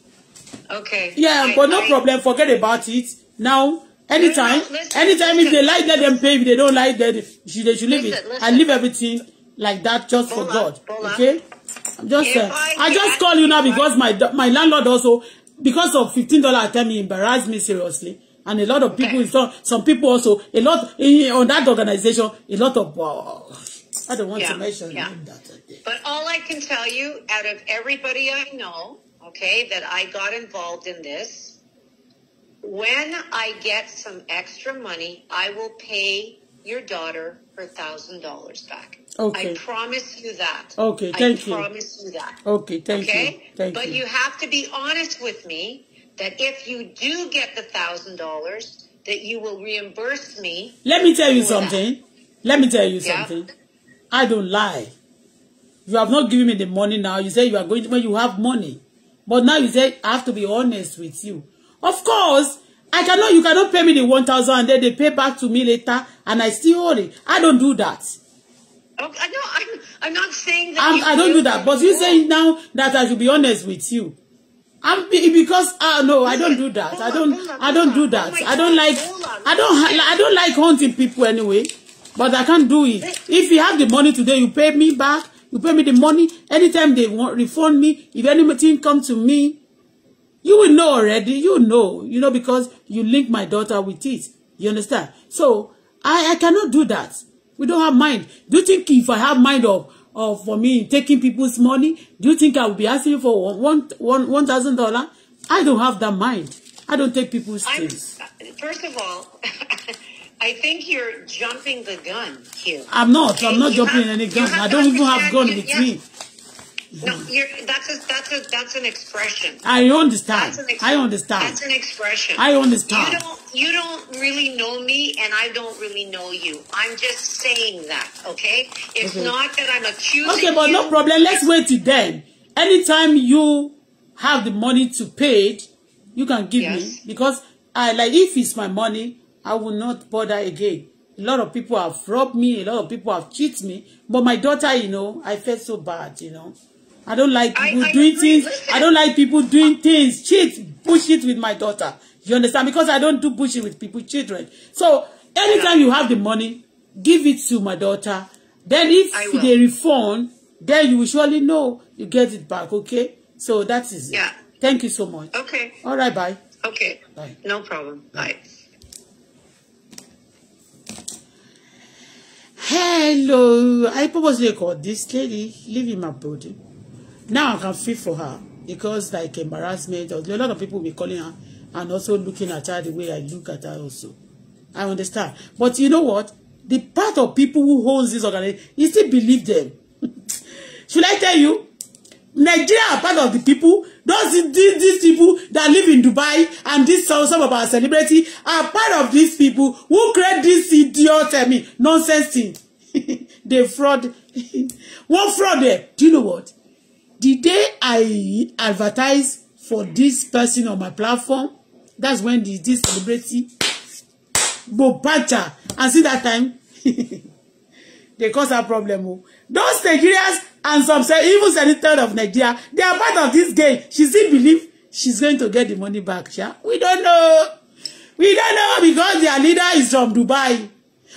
Okay. Yeah, I, but no I, problem. Forget about it. Now, anytime, no, no, listen, anytime listen. if they like, that, them pay. If they don't like, that, they should, they should leave listen, it. Listen. I leave everything like that just Bola, for God. Bola. Okay? I'm just saying. Uh, I, I just call you now because my my landlord also, because of $15 tell me, embarrass me seriously. And a lot of people, okay. some people also, a lot, on that organization, a lot of, uh, I don't want yeah, to mention yeah. that. Again. But all I can tell you, out of everybody I know, okay, that I got involved in this, when I get some extra money, I will pay your daughter her thousand dollars back. Okay. I promise you that. Okay, thank I you. I promise you that. Okay, thank okay? you. Thank but you. you have to be honest with me that if you do get the thousand dollars, that you will reimburse me. Let me tell you something. That. Let me tell you something. I don't lie. You have not given me the money now. You say you are going to, when you have money. But now you say, I have to be honest with you. Of course, I cannot, you cannot pay me the 1,000 and then they pay back to me later and I still hold it. I don't do that. Okay, I know, I'm, I'm not saying that. I'm, I don't do that. But you say now that I should be honest with you. I'm because uh, no, I don't do that. I don't. I don't do that. I don't like. I don't. I don't like haunting people anyway. But I can't do it. If you have the money today, you pay me back. You pay me the money. Anytime they want refund me, if anything comes to me, you will know already. You know. You know because you link my daughter with it. You understand? So I, I cannot do that. We don't have mind. Do you think if I have mind of of for me taking people's money, do you think I will be asking you for one one one thousand dollar? I don't have that mind. I don't take people's I'm, things. Uh, first of all, I think you're jumping the gun here. I'm not. Okay? I'm not you jumping have, any gun. I don't even have gun with yeah. me. No, you're, that's a, that's a, that's an expression. I understand. Ex I understand. That's an expression. I understand. You don't you don't really know me, and I don't really know you. I'm just saying that, okay? It's okay. not that I'm accusing. Okay, but you. no problem. Let's wait till then. Anytime you have the money to pay it, you can give yes. me because I like if it's my money. I will not bother again. A lot of people have robbed me. A lot of people have cheated me. But my daughter, you know, I felt so bad, you know. I don't like people I, I doing agree. things. I don't like people doing things. Cheat, bullshit with my daughter. You understand? Because I don't do bullshit with people, children. So anytime you have the money, give it to my daughter. Then if they refund, then you will surely know you get it back, okay? So that is yeah. it. Thank you so much. Okay. All right, bye. Okay. Bye. No problem. Bye. bye. Hello. I purposely called this lady leaving my body. Now I can feel for her because like embarrassment, a lot of people be calling her and also looking at her the way I look at her also. I understand. But you know what? The part of people who holds this organization, you still believe them. Should I tell you? Nigeria are part of the people Those these, these people that live in Dubai and this some, some of our celebrity are part of these people who create this idiot I mean nonsense thing. they fraud. What fraud there. Do you know what? The day I advertise for this person on my platform, that's when the this celebrity go bacha. And see that time, they cause a problem. Oh, Those Nigerians and some say even senator of Nigeria they are part of this game she still believe she's going to get the money back Yeah, we don't know we don't know because their leader is from Dubai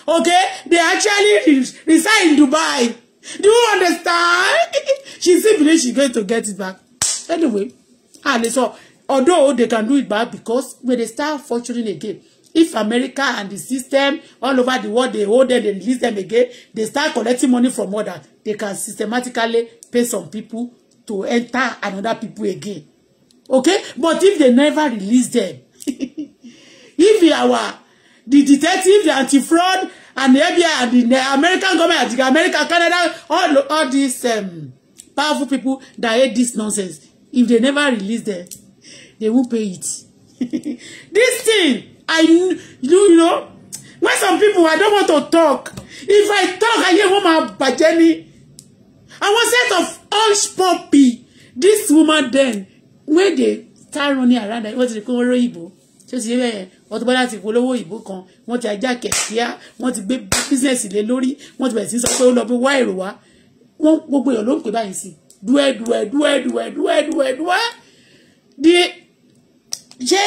okay they actually re reside in Dubai do you understand she still believe she's going to get it back anyway and ah, so although they can do it back because when they start functioning again If America and the system all over the world, they hold them, they release them again, they start collecting money from others, they can systematically pay some people to enter another people again. Okay? But if they never release them, if our the detective, the anti-fraud, and the FBI, and the, American government, the American Canada, all, all these um, powerful people that hate this nonsense, if they never release them, they won't pay it. this thing I you know when some people I don't want to talk if I talk ayé wọn máa bàjẹ́ I àwọn set of hush puppy this woman then when they start running around like wọ́n ti rí pé wọ́n ró ìbò tí ó ti yẹ bẹ́ẹ̀ Auto Bola ti polówó ìbò kan wọ́n ti ajá kẹ̀kíá wọ́n ti gbé bísíǹsì lé lórí wọ́n ti bẹ̀rẹ̀ sí sọ pé ó lọ bí wá èrò wá wọ́n gbogbo èèyàn ló ń pè báyìí sí dúẹ́ dúẹ́ dúẹ́ dúẹ́ dúẹ́ dúẹ́ dúẹ́ di ṣé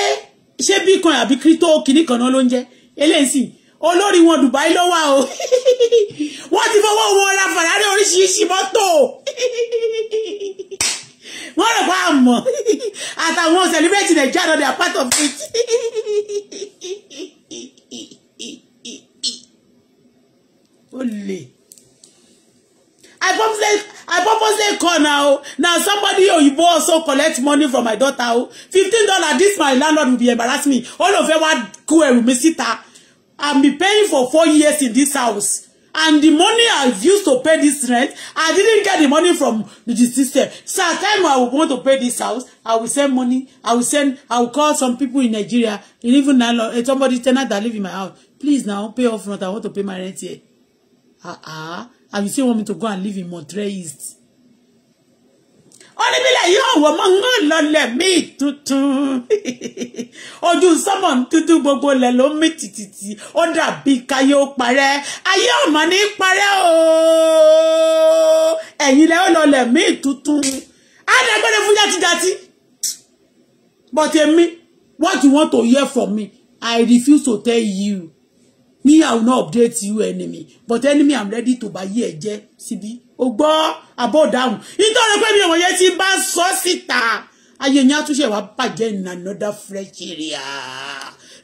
ṣé bitcoin àbí crypto kìíní kan náà ló ń jẹ́ eléyìí sì olórí wọn Dubai ló wà o wọ́n ti fọwọ́ wọn ra Ferrari oríṣiríṣi mọ́tò wọ́n rẹ̀ bá mọ̀ àtàwọn celebrate Nigeria lọ́dẹ̀ apart of it. ó I purposely I purposely call now. Now somebody Oyibo also collect money from my daughter. Fifteen dollar. This my landlord will be embarrass me. All of them wá kó ẹrù mi síta. I've been paying for four years in this house. And the money I've used to pay this rent, I didn't get the money from the system. So at time I will want to pay this house, I will send money. I will send. I will call some people in Nigeria, even landlord, eh, somebody tenant that live in my house. Please now pay off front. I want to pay my rent here. Ah uh ah. -uh and you still want me to go and live in Montreal East. oníbílẹ̀ yóò wọ me tutu. míì do someone tutu bobo gbogbo me tititi. mí tìtìtì ó dàbí pare. ó parẹ́ ayé ọ̀mà ní parẹ́ ooo ẹ̀yìn lẹ́ ó lọlẹ̀ míì tuntun ádàgbére fún játijàti but me, what you want to hear from me I refuse to tell you me i will not update you enemy but enemy i'm ready to bá yí ẹ jẹ́ síbí o gbọ́ abọ́ dáhùn nítorí pé mi ò wọ̀nyẹ́ tí bá sọ síta ayé yẹn àtúnṣe wa bàjẹ́ in another fresh area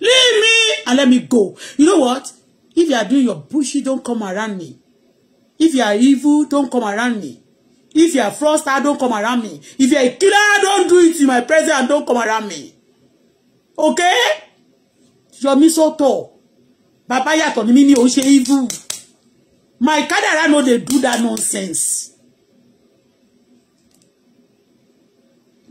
leave me and let me go you know what if you are doing your bushy, don't come around me if you are evil don't come around me if you are fraudster don't come around me if you are a killer don't do it in my presence and don't come around me okay Your sọ́tọ̀. So Baba, yàtọ̀ ni mí mi ò ṣe my kádàrá no they do that nonsense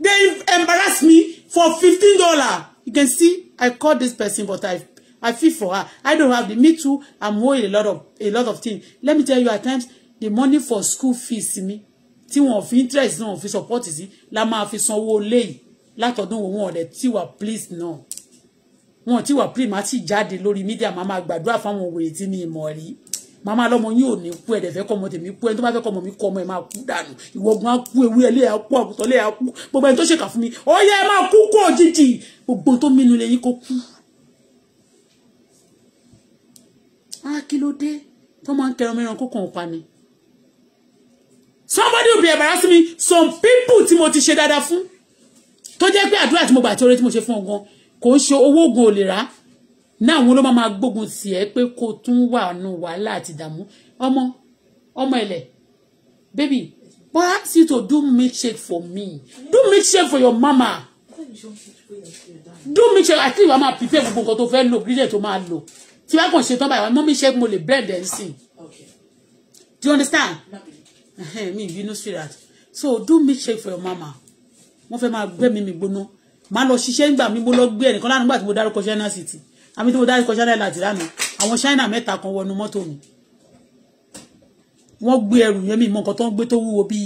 they embarrass me for fifteen dollar you can see i called this person but i i feel for her i don't have the me too i'm worried a lot of a lot of things let me tell you at times the money for school fees me, tí of interest náà fi support is it? la máa fi sanwó léyìí látọdún òun ọdẹ tí wà please náà. No wọn ti wà prim àti jáde lórí mídíà màá máa gbàdúrà fáwọn òwèrè tí mi ìmọ̀ rí màá máa lọ́mọ ní kú ẹ̀dẹ̀ fẹ́ kọ́mọ tèmi kú ẹni tó bá fẹ́ kọ́mọ mi kú ọmọ ẹ̀ máa kú dànù ìwọ̀gun á kú ewúrẹ́ lé àkú àgùntàn lé àkú gbogbo ẹni tó ṣèkà fún mi ó yẹ máa kú kó òjijì gbogbo tó mínú lè kó kú. á kí ló dé tó máa ń kẹran mẹ́ran kó kàn pa ni. somebody will be embarrassing me some people tí mo ti ṣe dáadáa fún tó jẹ́ pé àdúrà tí mo gbà tí oore tí mo ṣe fún ọ gan-an kò ń ṣe owó oògùn ò lè rà náà àwọn ló máa gbógun tì ẹ́ pé kó tún wà nù wàhálà àti ìdààmú ọmọ ọmọ ẹ̀lẹ̀ baby but ask you to do milkshake for me do milkshake for your mama do milkshake àti ìwà máa prepare gbogbo nǹkan tó fẹ́ lò bílẹ̀ tó máa lò tí wàá kàn ṣe tán báyìí mọ́ milkshake mo lè blend ẹ̀ sing. do you understand mi ìbínú sweetheart so do milkshake for your mama wọ́n fẹ́ máa gbẹ́mí mi gbóná máa lọ ṣiṣẹ́ nígbà mi mo lọ gbé ẹnìkan lánàá nígbà tí mo dárúkọ China City àmì tí mo dárúkọ China láti lánàá àwọn China mẹ́ta kan wọnú mọ́tò mi wọ́n gbé ẹrù yẹn mi mọ nǹkan tó ń gbé tó wúwo bíi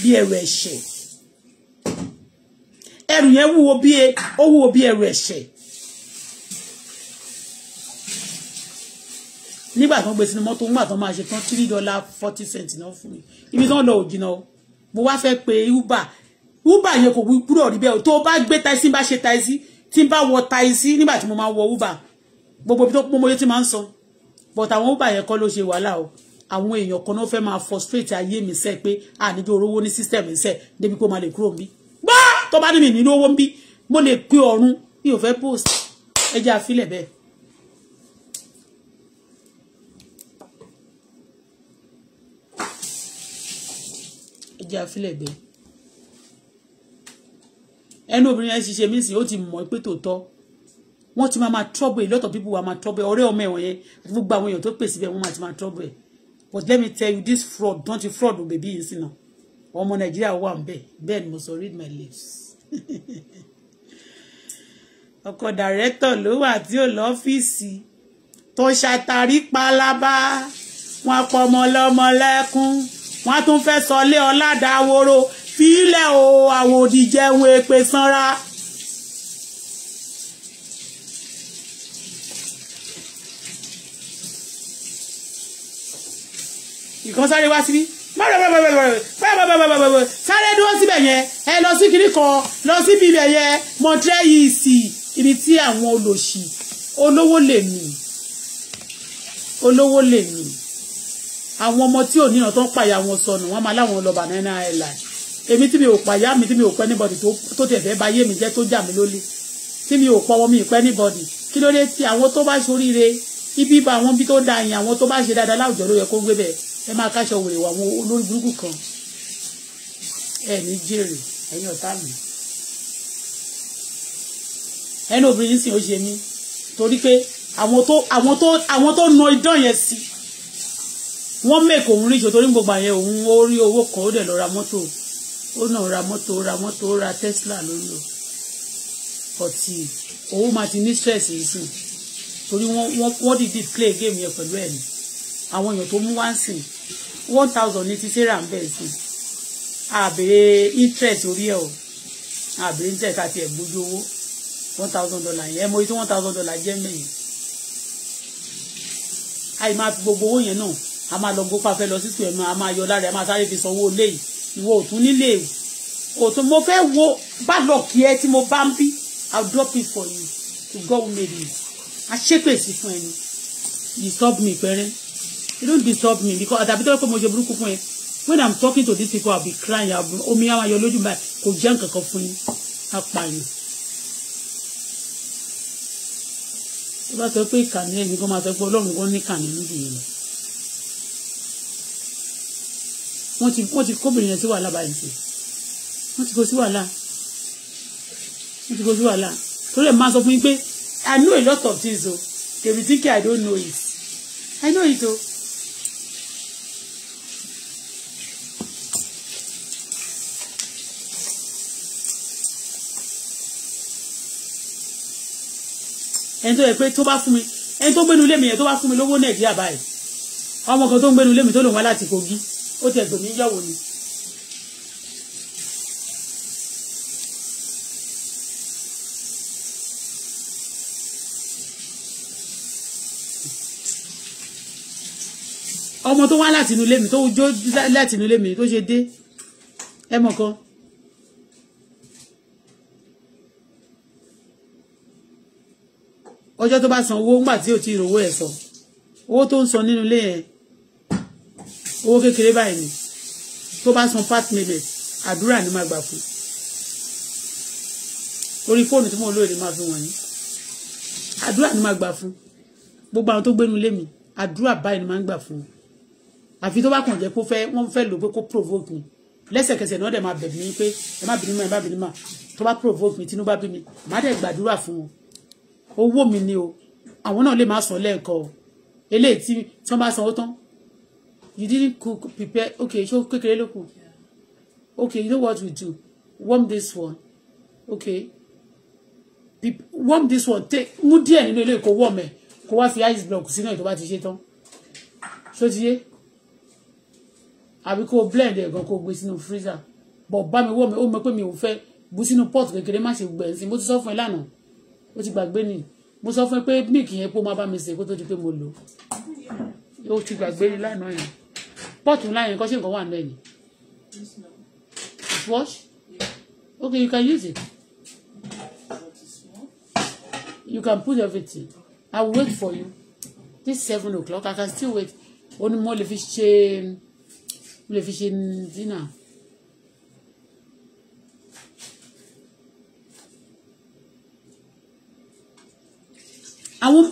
bíi ẹrù ẹ̀ṣẹ̀ ẹrù yẹn wúwo bíi e, ó wúwo bíi ẹrù ẹ̀ṣẹ̀ nígbà tó ń gbé e sínú mọ́tò nígbà tó máa ṣe tán three dollar forty cents náà fún mi ibi tí wọ́n lọ ò jìnnà mo wá fẹ́ pe uber uber yẹn kò gbúdọ̀ rí bẹ́ẹ̀ tó bá gbé taxi bá ṣe taxi tí bá wọ taxi nígbà tí mo máa wọ uber gbogbo ibi tó pọ́n mọ́yé tí máa ń sọ but àwọn uber yẹn kọ́ ló ṣe wàhálà o àwọn èèyàn kan náà fẹ́ máa frustrate ayé mi sẹ́ pé àníjọ orówó ní system mi sẹ́ débi pé ó máa lè kúrò mi gbá tó bá ní mi nínú owó ń bí mo lè pe ọ̀run mi ò fẹ́ post ẹja àfilẹ̀ bẹ́ẹ̀. ẹja àfilẹ̀ bẹ́ẹ̀ ẹnu obìnrin yẹn ṣiṣẹ́ mí sìn ó ti mọ̀ pé tòótọ́ wọ́n ti máa ma trouble a lot of people wà máa trouble ọ̀rẹ́ ọmọ ẹ̀wọ̀n yẹn àti gbogbo àwọn èèyàn tó pè síbẹ̀ wọ́n máa ti máa trouble ẹ̀ but let me tell you this fraud don't you fraud bèbí yìí sínú ọmọ nàìjíríà wà ń bẹ bẹ́ẹ̀ ni mo read my lips ọkọ dàrẹ́tọ̀ ló wà tí ò lọ́fíìsì tó ṣàtàrí pálábá wọn pọmọ lọmọ lẹ́kún wọn tún fẹ́ sọlé ọ̀làdáwòrò fílẹ̀ o àwọn òdìjẹ́ wo epe sanra. ìkan sáré wá síbí sáré dúró síbẹ̀ yẹn ẹ lọ sí kiri kan lọ síbi ibẹ̀ yẹn mọ̀tẹ́ yìí sí ibi tí àwọn olòṣì olówó lè mì olówó lè mì àwọn ọmọ tí ò níran tó ń pààyà wọn sọnù wọn máa láwọn lọ banana airline èmi tí mi ò pa ìyá mi tí mi ò pẹ́ anybody tó tẹ̀ fẹ́ báyé mi jẹ́ tó jà mí lólè tí mi ò pọwọ́ mi ìpẹ́ anybody kí ló dé tí àwọn tó bá ṣoríire ibi bá àwọn bí tó da yìn àwọn tó bá ṣe dáadáa láwùjọ ló yẹ kó gbé bẹ́ẹ̀ ẹ máa káṣọ wèrè wà àwọn olórí burúkú kan ẹ ní jèrè ẹ̀yin ọ̀tá mi ẹni obìnrin yìí sì ó ṣe mí torí pé àwọn tó àwọn tó àwọn tó na idán yẹn sí wọ́n mẹ́kọ̀ọ́ òun ríṣọ torí gbogbo àyẹ̀wò òun ó rí owó kan ó dẹ̀ lọ ra mọ́tò ó náà ra mọ́tò ra mọ́tò ó ra tesla ló ń lò ọtí owó máa ti ní stress yìí sùn torí wọ́n wọ́n dìde play game yẹn pẹ̀lú ẹ̀mí àwọn èèyàn tó mú wá ń sìn one thousand ní ti sarah ń bẹ̀ sùn àbèrè interest orí ẹ̀ o àbèrè interest àti ẹ̀gbójú owó one thousand dollar yẹn ẹ mọ iye tí one thousand dollar jẹ́ mẹ́yìn àì máa fi gbogbo owó yẹn náà a máa lọ gbópa fẹ́ lọ sí sùn ẹ̀mí a máa yọ lára ẹ̀ máa sáré fi sanwó léyìí ìwọ ò tún nílé o ò tún mo fẹ́ wo bá lọ kí ẹ tí mo bá ń i will drop it for you to go who made it a ṣépèsè fún ẹni disturb me pẹ̀rẹ́ you don't disturb me because at tó yẹ pé mo ṣe burúkú fún ẹ when i'm talking to these people i'll be crying i'll be omi àwọn ayọ̀ lójú báyìí kò jẹ́ nǹkan kan fún yín apààyàn. tó bá sọ pé ìkànnì ẹ̀mí kan máa sọ pé ọlọ́run kan ní kànnì níbi yìí lọ. wọ́n ti wọ́n ti kóbìnrin yẹn sí wàhálà báyìí sí wọ́n ti kó sí wàhálà wọ́n ti kó sí wàhálà torí ẹ̀ máa sọ fún yín pé I know a lot of things o they be thinking I don't know it I know it o. ẹni tó yẹ pé tó bá fún mi ẹni tó gbénu lé mi yẹn tó bá fún mi lówó nàìjíríà báyìí ọmọ kan tó ń gbénu lé mi tó lòun wá láti kogi ó tẹ̀ dòmí yẹ̀wò ni. ọmọ tó wá láti inú ilé mi tó jó láti inú ilé mi tó ṣe dé ẹ mọ̀ kan. ọjọ́ tó bá san owó ńgbà tí ò ti rówó ẹ̀ sọ owó tó ń san nínú ilé yẹn owó kékeré báyìí ni tó bá san part payment àdúrà ni máa gbà fún orí fóònù tí mo lóye ni máa fi wọ̀nyí àdúrà ni máa gbà fún gbogbo àwọn tó gbénu lé mi àdúrà báyìí ni máa ń gbà fún àfi tó bá kàn jẹ́ pé wọ́n fẹ́ lò pé kó provoke mi lẹ́sẹ̀kẹsẹ̀ náà dẹ̀ máa bẹ̀bí mi pé ẹ má bínú mọ́ ẹ má bínú mọ́ tó bá provoke mi tínú bá bí mi màá dẹ̀ gbàdúrà fún wọn owó mi ni o àwọn náà lè má san lẹ́ẹ̀kan o eléyìí tí wọ́n bá sanwó tán you didn't cook prepare okay so quickly. ló okay you know what we do warm this one okay Pe warm this one take mú díẹ̀ nínú ilé warm ẹ̀ kó wá fi ice block sínú ẹ̀ tó bá ti ṣe tán ṣó ti yé blend ẹ̀ gan kó gbé sínú freezer bọ̀ bá mi warm ẹ̀ ó mọ̀ pé mi ò fẹ́ pot kékeré má ṣe gbẹ̀ sí mo ti sọ fún ẹ lánàá ó ti gbàgbé nìyí mo sọ fún ẹ pé mílìkì yẹn kó má bá mi sè kó tó di pé mo lò pọ́ọ̀tù ńlá yẹn kọ́ sí nǹkan wà ń bẹ̀ ni okay you can use it you can put everything i will wait for you this seven o'clock i can still wait ó more mo lè fi ṣe mo lè fi ṣe dinner. àwọn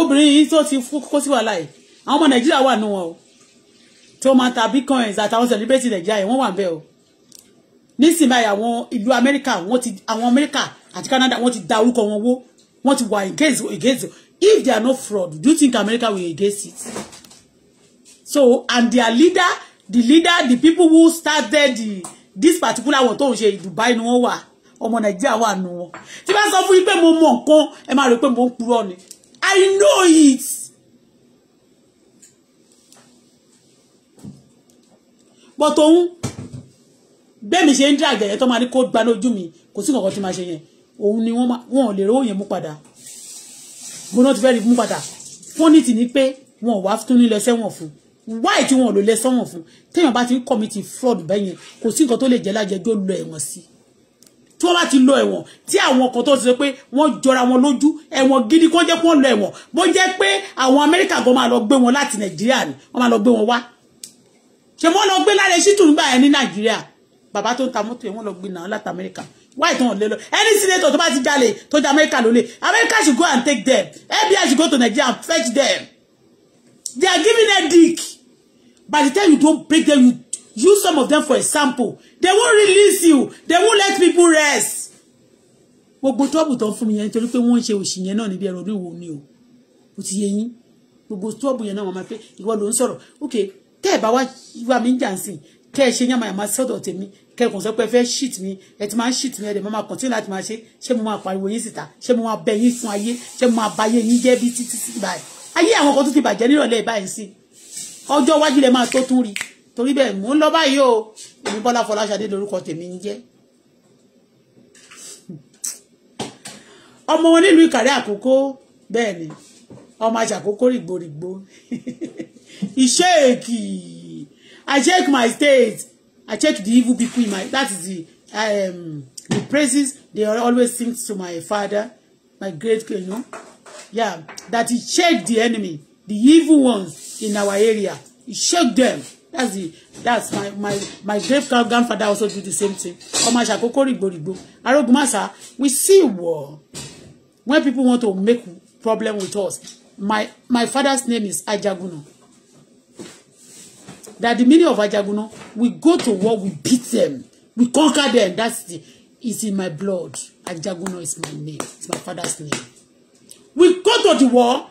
obìnrin yìí tó ti you sí wàhálà yìí àwọn ọmọ nàìjíríà wà nù wọn tó máa ta bitcoins àtàwọn celebrity nàìjíríà wọ́n wà bẹ́ẹ̀ o nísìnyí àwọn ìlú amẹ́ríkà wọ́n ti àwọn amẹ́ríkà àti canada wọ́n ti da orúkọ wọn wó wọ́n ti wà against against if they are not fraud do you think america will against it so and their leader the leader the people who started the, this particular one tó ń ṣe dubai ni wọ́n wà ọmọ nàìjíríà wà nù wọn tí bá sọ fún yín pé mo mọ nǹkan ẹ máa rò pé mo ń purọ́ ni i know it but òun bẹ́ẹ̀mi ṣe ń dá àgẹ̀yẹ tó máa ní kó gba lójú mi kò sí kankan tí máa ṣe yẹn òun ni wọ́n ò lè rówó yẹn mú padà gbóná ti fẹ́ rí mú padà fúnìtì ni pé wọn ò wá tún ní lọ sẹ́wọ̀n fún wáì tí wọn ò lò lẹ sẹ́wọ̀n fún téèyàn bá ti ń kọ́mìtì fraud bẹ́yẹn kò sí nǹkan tó lè jẹ́ lájẹjọ́ lọ ẹ̀wọ̀n sí tí wọ́n bá ti lọ ẹ̀wọ̀n tí àwọn kan tó ṣe pé wọ́n jọra wọn lójú ẹ̀wọ̀n gidi kó jẹ́ pé wọ́n lọ ẹ̀wọ̀n bó jẹ́ pé àwọn Amẹ́ríkà gan máa lọ gbé wọn láti Nàìjíríà ni wọ́n máa lọ gbé wọn wá ṣe wọ́n lọ gbé lára ṣítù nígbà ẹ̀ ní nàìjíríà bàbá tó ń ta mọ́tò yẹn wọ́n lọ gbé náà láti amẹ́ríkà why don't lè lọ any senator tó bá ti jalè tó jẹ amẹ́ríkà ló amẹ́ríkà should go and take them FBI should go to Nigeria and fetch them they are giving them dick by the time you don break them you use some of them for example they won't release you they won't let people rest gbogbo tọ́ọ̀bù tó ń fún mi yẹn nítorí pé wọ́n ń ṣe òṣì yẹn náà níbi ẹ̀rọ orí wo ni o kò ti yẹ yín gbogbo tọ́ọ̀bù yẹn náà wọ́n máa pé ìwọ ló ń sọ̀rọ̀ okay tẹ́ ẹ̀ bá wá wá mi ń jà sí kẹ́ ẹ ṣe yàmàyàmà sọ́dọ̀ tèmi kẹ́ ẹ kàn sọ pé ẹ fẹ́ shit mi ẹ ti máa ń shit mi ẹ dẹ̀ máa continue láti máa ṣe ṣé mo máa pariwo yín síta ṣé mo máa bẹ yín fún ayé ṣé mo máa ba ayé yín jẹ́ bí títí sí báyìí ayé àwọn kan tó ti bàjẹ́ nírọ̀lẹ́ báyìí sí ọjọ́ iwájú lẹ máa tó tún rí torí bẹ́ẹ̀ mò ń lọ báyìí o èmi Bọ́lá Fọláṣadé lórúkọ tèmi ń jẹ́ ọmọ wọn nílùú Ìkàrẹ́ Àkókó bẹ́ẹ̀ ni ọmọ àṣàkókó rìgbòrìgbò Isheki. I shake my state. I shake the evil people in my. That is the um, the praises they always sing to my father, my great you know. Yeah, that he shake the enemy, the evil ones in our area. He check them. That's the that's my my my great grandfather also do the same thing. Ọmọ ṣàkókò rìgbòrìgbò. Arógunmáṣá, we see war when people want to make problem with us. My my father's name is Ajaguno that the meaning of Ajaguna, we go to war, we beat them, we conquer them. That's the, is in my blood. Ajaguna is my name. It's my father's name. We go to the war.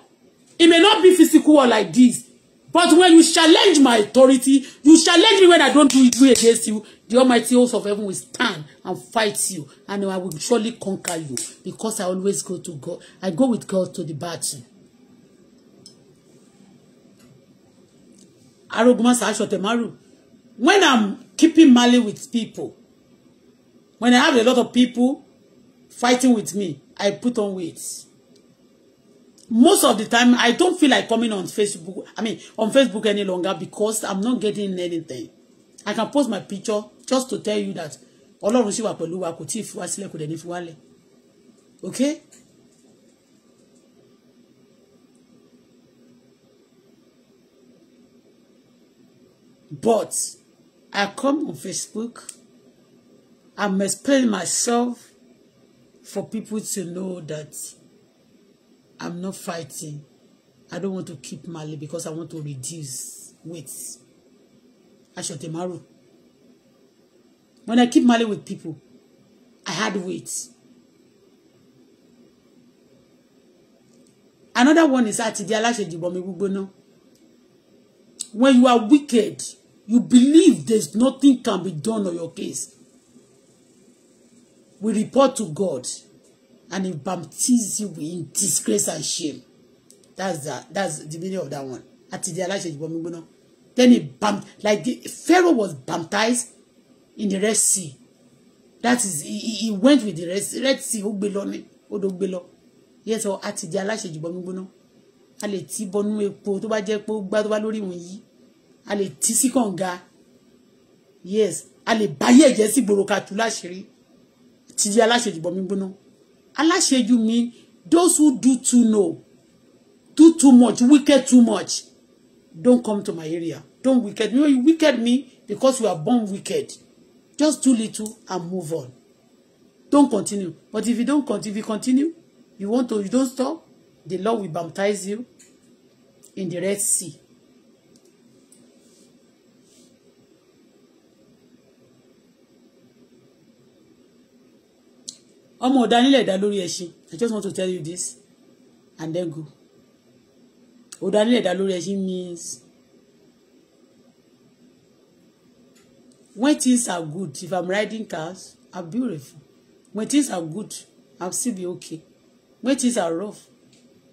It may not be physical war like this. But when you challenge my authority, you challenge me when I don't do it against you, the Almighty host of heaven will stand and fight you. And I will surely conquer you. Because I always go to God. I go with God to the battle. Arogunmasa Ashotemaru. When I'm keeping mali with people, when I have a lot of people fighting with me, I put on weight. Most of the time, I don't feel like coming on Facebook. I mean, on Facebook any longer because I'm not getting anything. I can post my picture just to tell you that Ọlọ́run sì wà pẹ̀lú wa kò tí ì fi wá sílẹ̀ kò dẹ̀ ní fi wá lẹ̀. Okay? But I come on Facebook. I'm explaining myself for people to know that I'm not fighting. I don't want to keep Mali because I want to reduce weight. I Ashotemaro. When I keep Mali with people, I had weight. Another one is Atidi Alashejibomi Gbogbona. When you are wicked, you believe there's nothing can be done on your case we report to God and he baptizes you in disgrace and shame that's the that's the meaning of that one àti di aláṣẹ ìbọn mi then he bumped like the Pharaoh was baptized in the Red Sea that is he, he went with the Red Sea Red Sea ó gbé lọ ní odò gbé lọ yẹn sọ àti di aláṣẹ ìbọn mi gbóná a lè tí bọnú a lè tí sí kànga yes a lè báyé ẹ̀jẹ̀ sí gbòòrò ká tú láṣìírí ti di aláṣejù bọ̀ mí gbóná aláṣejù mi those who do too know do too much wicked too much don't come to my area don't wicked me you wicked me because you are born wicked just do little and move on don't continue but if you don't continue if you continue you want to you don't stop the Lord will baptize you in the Red Sea ọmọ ọ̀dà nílẹ̀ dá lórí ẹṣin I just want to tell you this and then go ọ̀dà nílẹ̀ dá lórí ẹṣin means when things are good if I'm riding cars I'm beautiful when things are good I'm still be okay when things are rough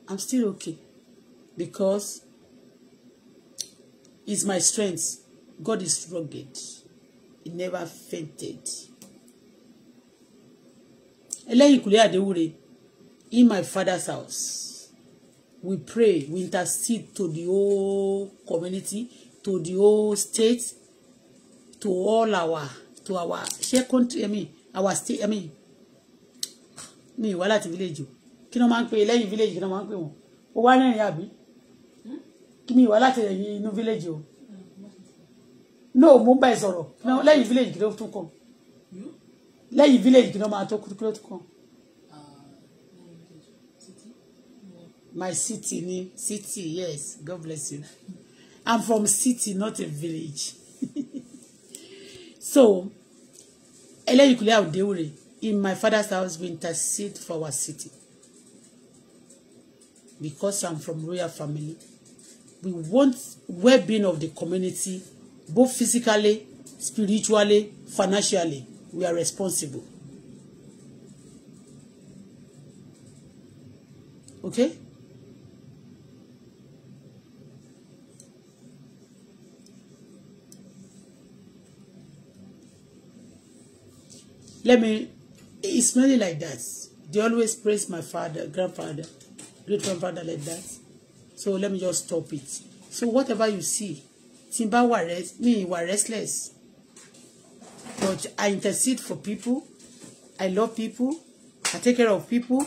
I'm still okay because it's my strength God is rugged he never fainted. Ẹlẹ́yìnkùlé Adéwúre in my father's house we pray we intercede to the whole community to the whole state to all our to our share country I mean our state I mean mi ìwá láti village o kí ni wọ́n máa ń pè lẹ́yìn village kí ni wọ́n máa ń pè wọ́n ó wá rìnrìn àbí kí mi ìwá láti ẹ̀yìn inú village o no mo ń bá ẹ sọ̀rọ̀ lẹ́yìn village kí ló tún kàn lẹ́yìn village kí ló máa tó kúrúkúrú tó kàn my city ni city yes God bless you I'm from city not a village so ẹlẹ́yìnkùlẹ̀ àwòdéwòrè in my father's house we intercede for our city because I'm from royal family we want well-being of the community both physically spiritually financially we are responsible okay. Let me, it's mainly like that. They always praise my father, grandfather, great grandfather like that. So let me just stop it. So whatever you see, tí n bá wà rest, mi wà restless. But I intercede for people. I love people. I take care of people.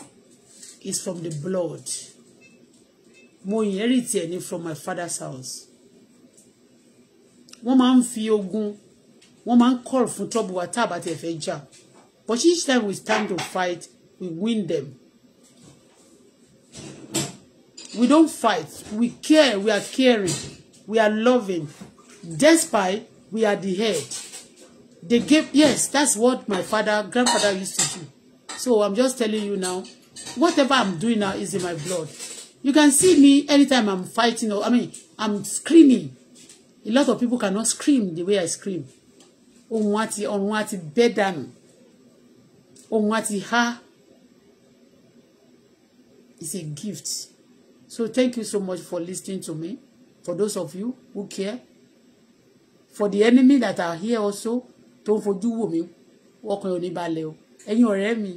It's from the blood. Mo inherit it from my father's house. One man ń good. One man máa ń call fún trouble wa tá a bá but each time we stand to fight we win them we don't fight we care we are caring we are loving despite we are the head They gave, yes, that's what my father, grandfather used to do. So I'm just telling you now, whatever I'm doing now is in my blood. You can see me anytime I'm fighting or, I mean, I'm screaming. A lot of people cannot scream the way I scream. Onwati, onwati, bedan. Onwati ha. It's a gift. So thank you so much for listening to me. For those of you who care. For the enemy that are here also, tó ń fojú wò mí ọkàn ò balẹ̀ o ẹ̀yin ọ̀rẹ́ mi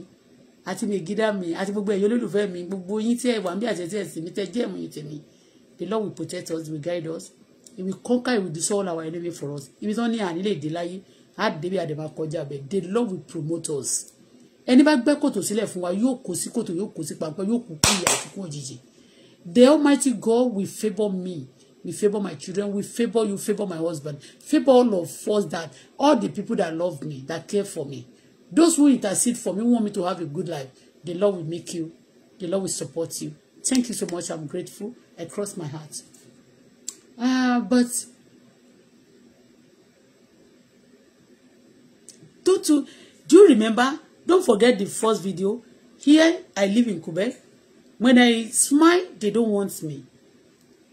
àti mègídà mi àti gbogbo ẹ̀yin olólùfẹ́ mi gbogbo yín tí ẹ wà ń bí àtẹ̀tẹ̀ ẹ̀sìn mi tẹ́ jẹ́ ìmọ̀yìn tèmi the Lord will protect us will guide us he will conquer he will destroy all our enemy for us ibi tí wọ́n ní àní lè dé láyé á débi àdèmà kọjá bẹ̀ the Lord will promote us ẹni bá gbẹ́ kòtò sílẹ̀ fún wa yóò kó sí kòtò yóò kó sí pàpẹ́ yóò kú kú ìyà àti kú òjijì the Almighty God will favour me We favor my children. We favor you. Favor my husband. Favor all of us that all the people that love me, that care for me. Those who intercede for me, want me to have a good life. The Lord will make you. The Lord will support you. Thank you so much. I'm grateful. I cross my heart. Uh, but due to do you remember? Don't forget the first video. Here I live in Quebec. When I smile, they don't want me.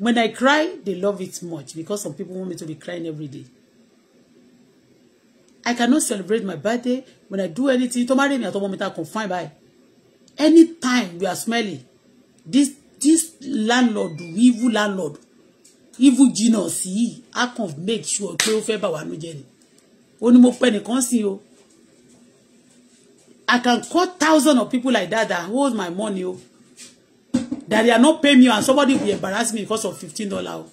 When I cry, they love it much because some people want me to be crying every day. I cannot celebrate my birthday when I do anything. Tó má rí mi àtọmọ mi ta confine by. Anytime we are smelly, this this landlord, evil landlord, evil genius yìí, I can make sure pé ó fẹ́ bà wá nú jẹ́ ni. Ó ní mo pẹ́ I can call thousands of people like that that hold my money o that they are not paying me and somebody will embarrass me because of fifteen dollar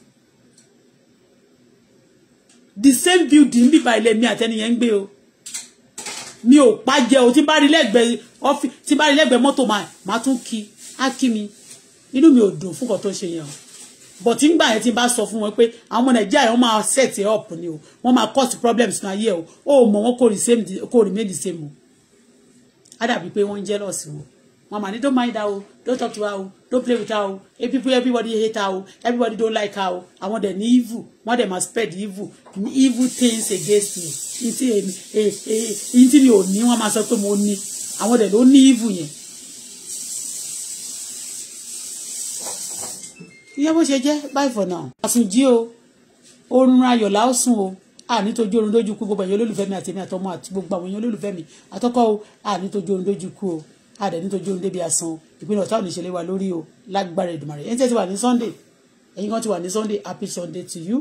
the same building bí ba ilé mi àtẹnìyẹn ń gbé o Oh, ò pàjẹ́ o tí bá rí lẹ́gbẹ̀ẹ́ ọ́fì tí bá rí lẹ́gbẹ̀ẹ́ mọ́tò máa máa tún kí á kí mi inú mi ò dùn fún kan tó ṣe yẹn but nígbà yẹn tí n bá sọ fún wọn pé àwọn ọmọ nàìjíríà set it up ni o wọn máa cause problems ní here. o ó mọ wọn kò rí same kò rí méjì same o á dàbí pé wọ́n ń jealous wọn wọn máa ní don't mind that. o don't talk to her o don't play with her o hey, people everybody hate her o everybody don't like her o àwọn dẹ̀ ní evil want them to spread evil evil things against me ntí èmi e, e, ntí mi ò ní wọ́n máa sọ pé mo ní àwọn dẹ̀ ló ní evil yẹn. ìyẹn bó ṣe jẹ́ bye for now. àsùnjí o oorun ayọ̀ la o a nítorí oorun lójú kú gbogbo ẹ̀yin olólùfẹ́ mi àtẹ̀mí àtọmọ àti gbogbo àwọn ẹ̀yin olólùfẹ́ mi àtọ́kọ́ o a nítorí oorun lójú kú o àdẹ̀ nítorí ohun débi àsan ìpínlẹ̀ ọ̀tá òní ìṣẹ̀lẹ̀ wa lórí o lágbára Èdùmàrè ẹni tí ẹ ti wà ní Sunday ẹ̀yin kan ti wà ní Sunday happy Sunday to you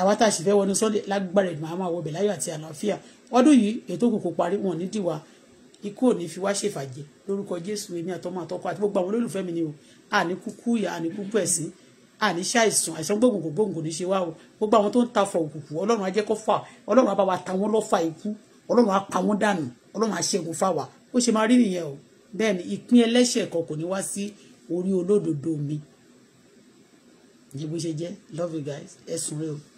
àwa tá a sì fẹ́ wọnú Sunday lágbára Èdùmàrè máa wọ bẹ̀ láyọ̀ àti àlàáfíà ọdún yìí ètò òkùnkùn parí wọn ní dìwà ikú ò ní fi wá ṣèfàjẹ lórúkọ Jésù èmi àtọmọ àtọkọ àti gbogbo àwọn olólùfẹ́ mi ni o àní kúkú ìyà àní kúkú ẹ̀sìn àní ṣàìsàn àìsàn gbòǹgòǹgò gbòǹgò ní ṣe wá o gbogbo àwọn tó ń ta fọ òkùnkùn Ọlọ́run ajẹ́kọ́fà Ọlọ́run á wa ta wọ́n lọ́fà ikú Ọlọ́run á pa dànù Ọlọ́run á ṣẹ́gun fáwa ó ṣe máa rí nìyẹn o Then ni ìpín ẹlẹ́ṣẹ̀ kan kò ní wá sí orí olódodo mi ní bó ṣe jẹ́ love you guys ẹ sùn o.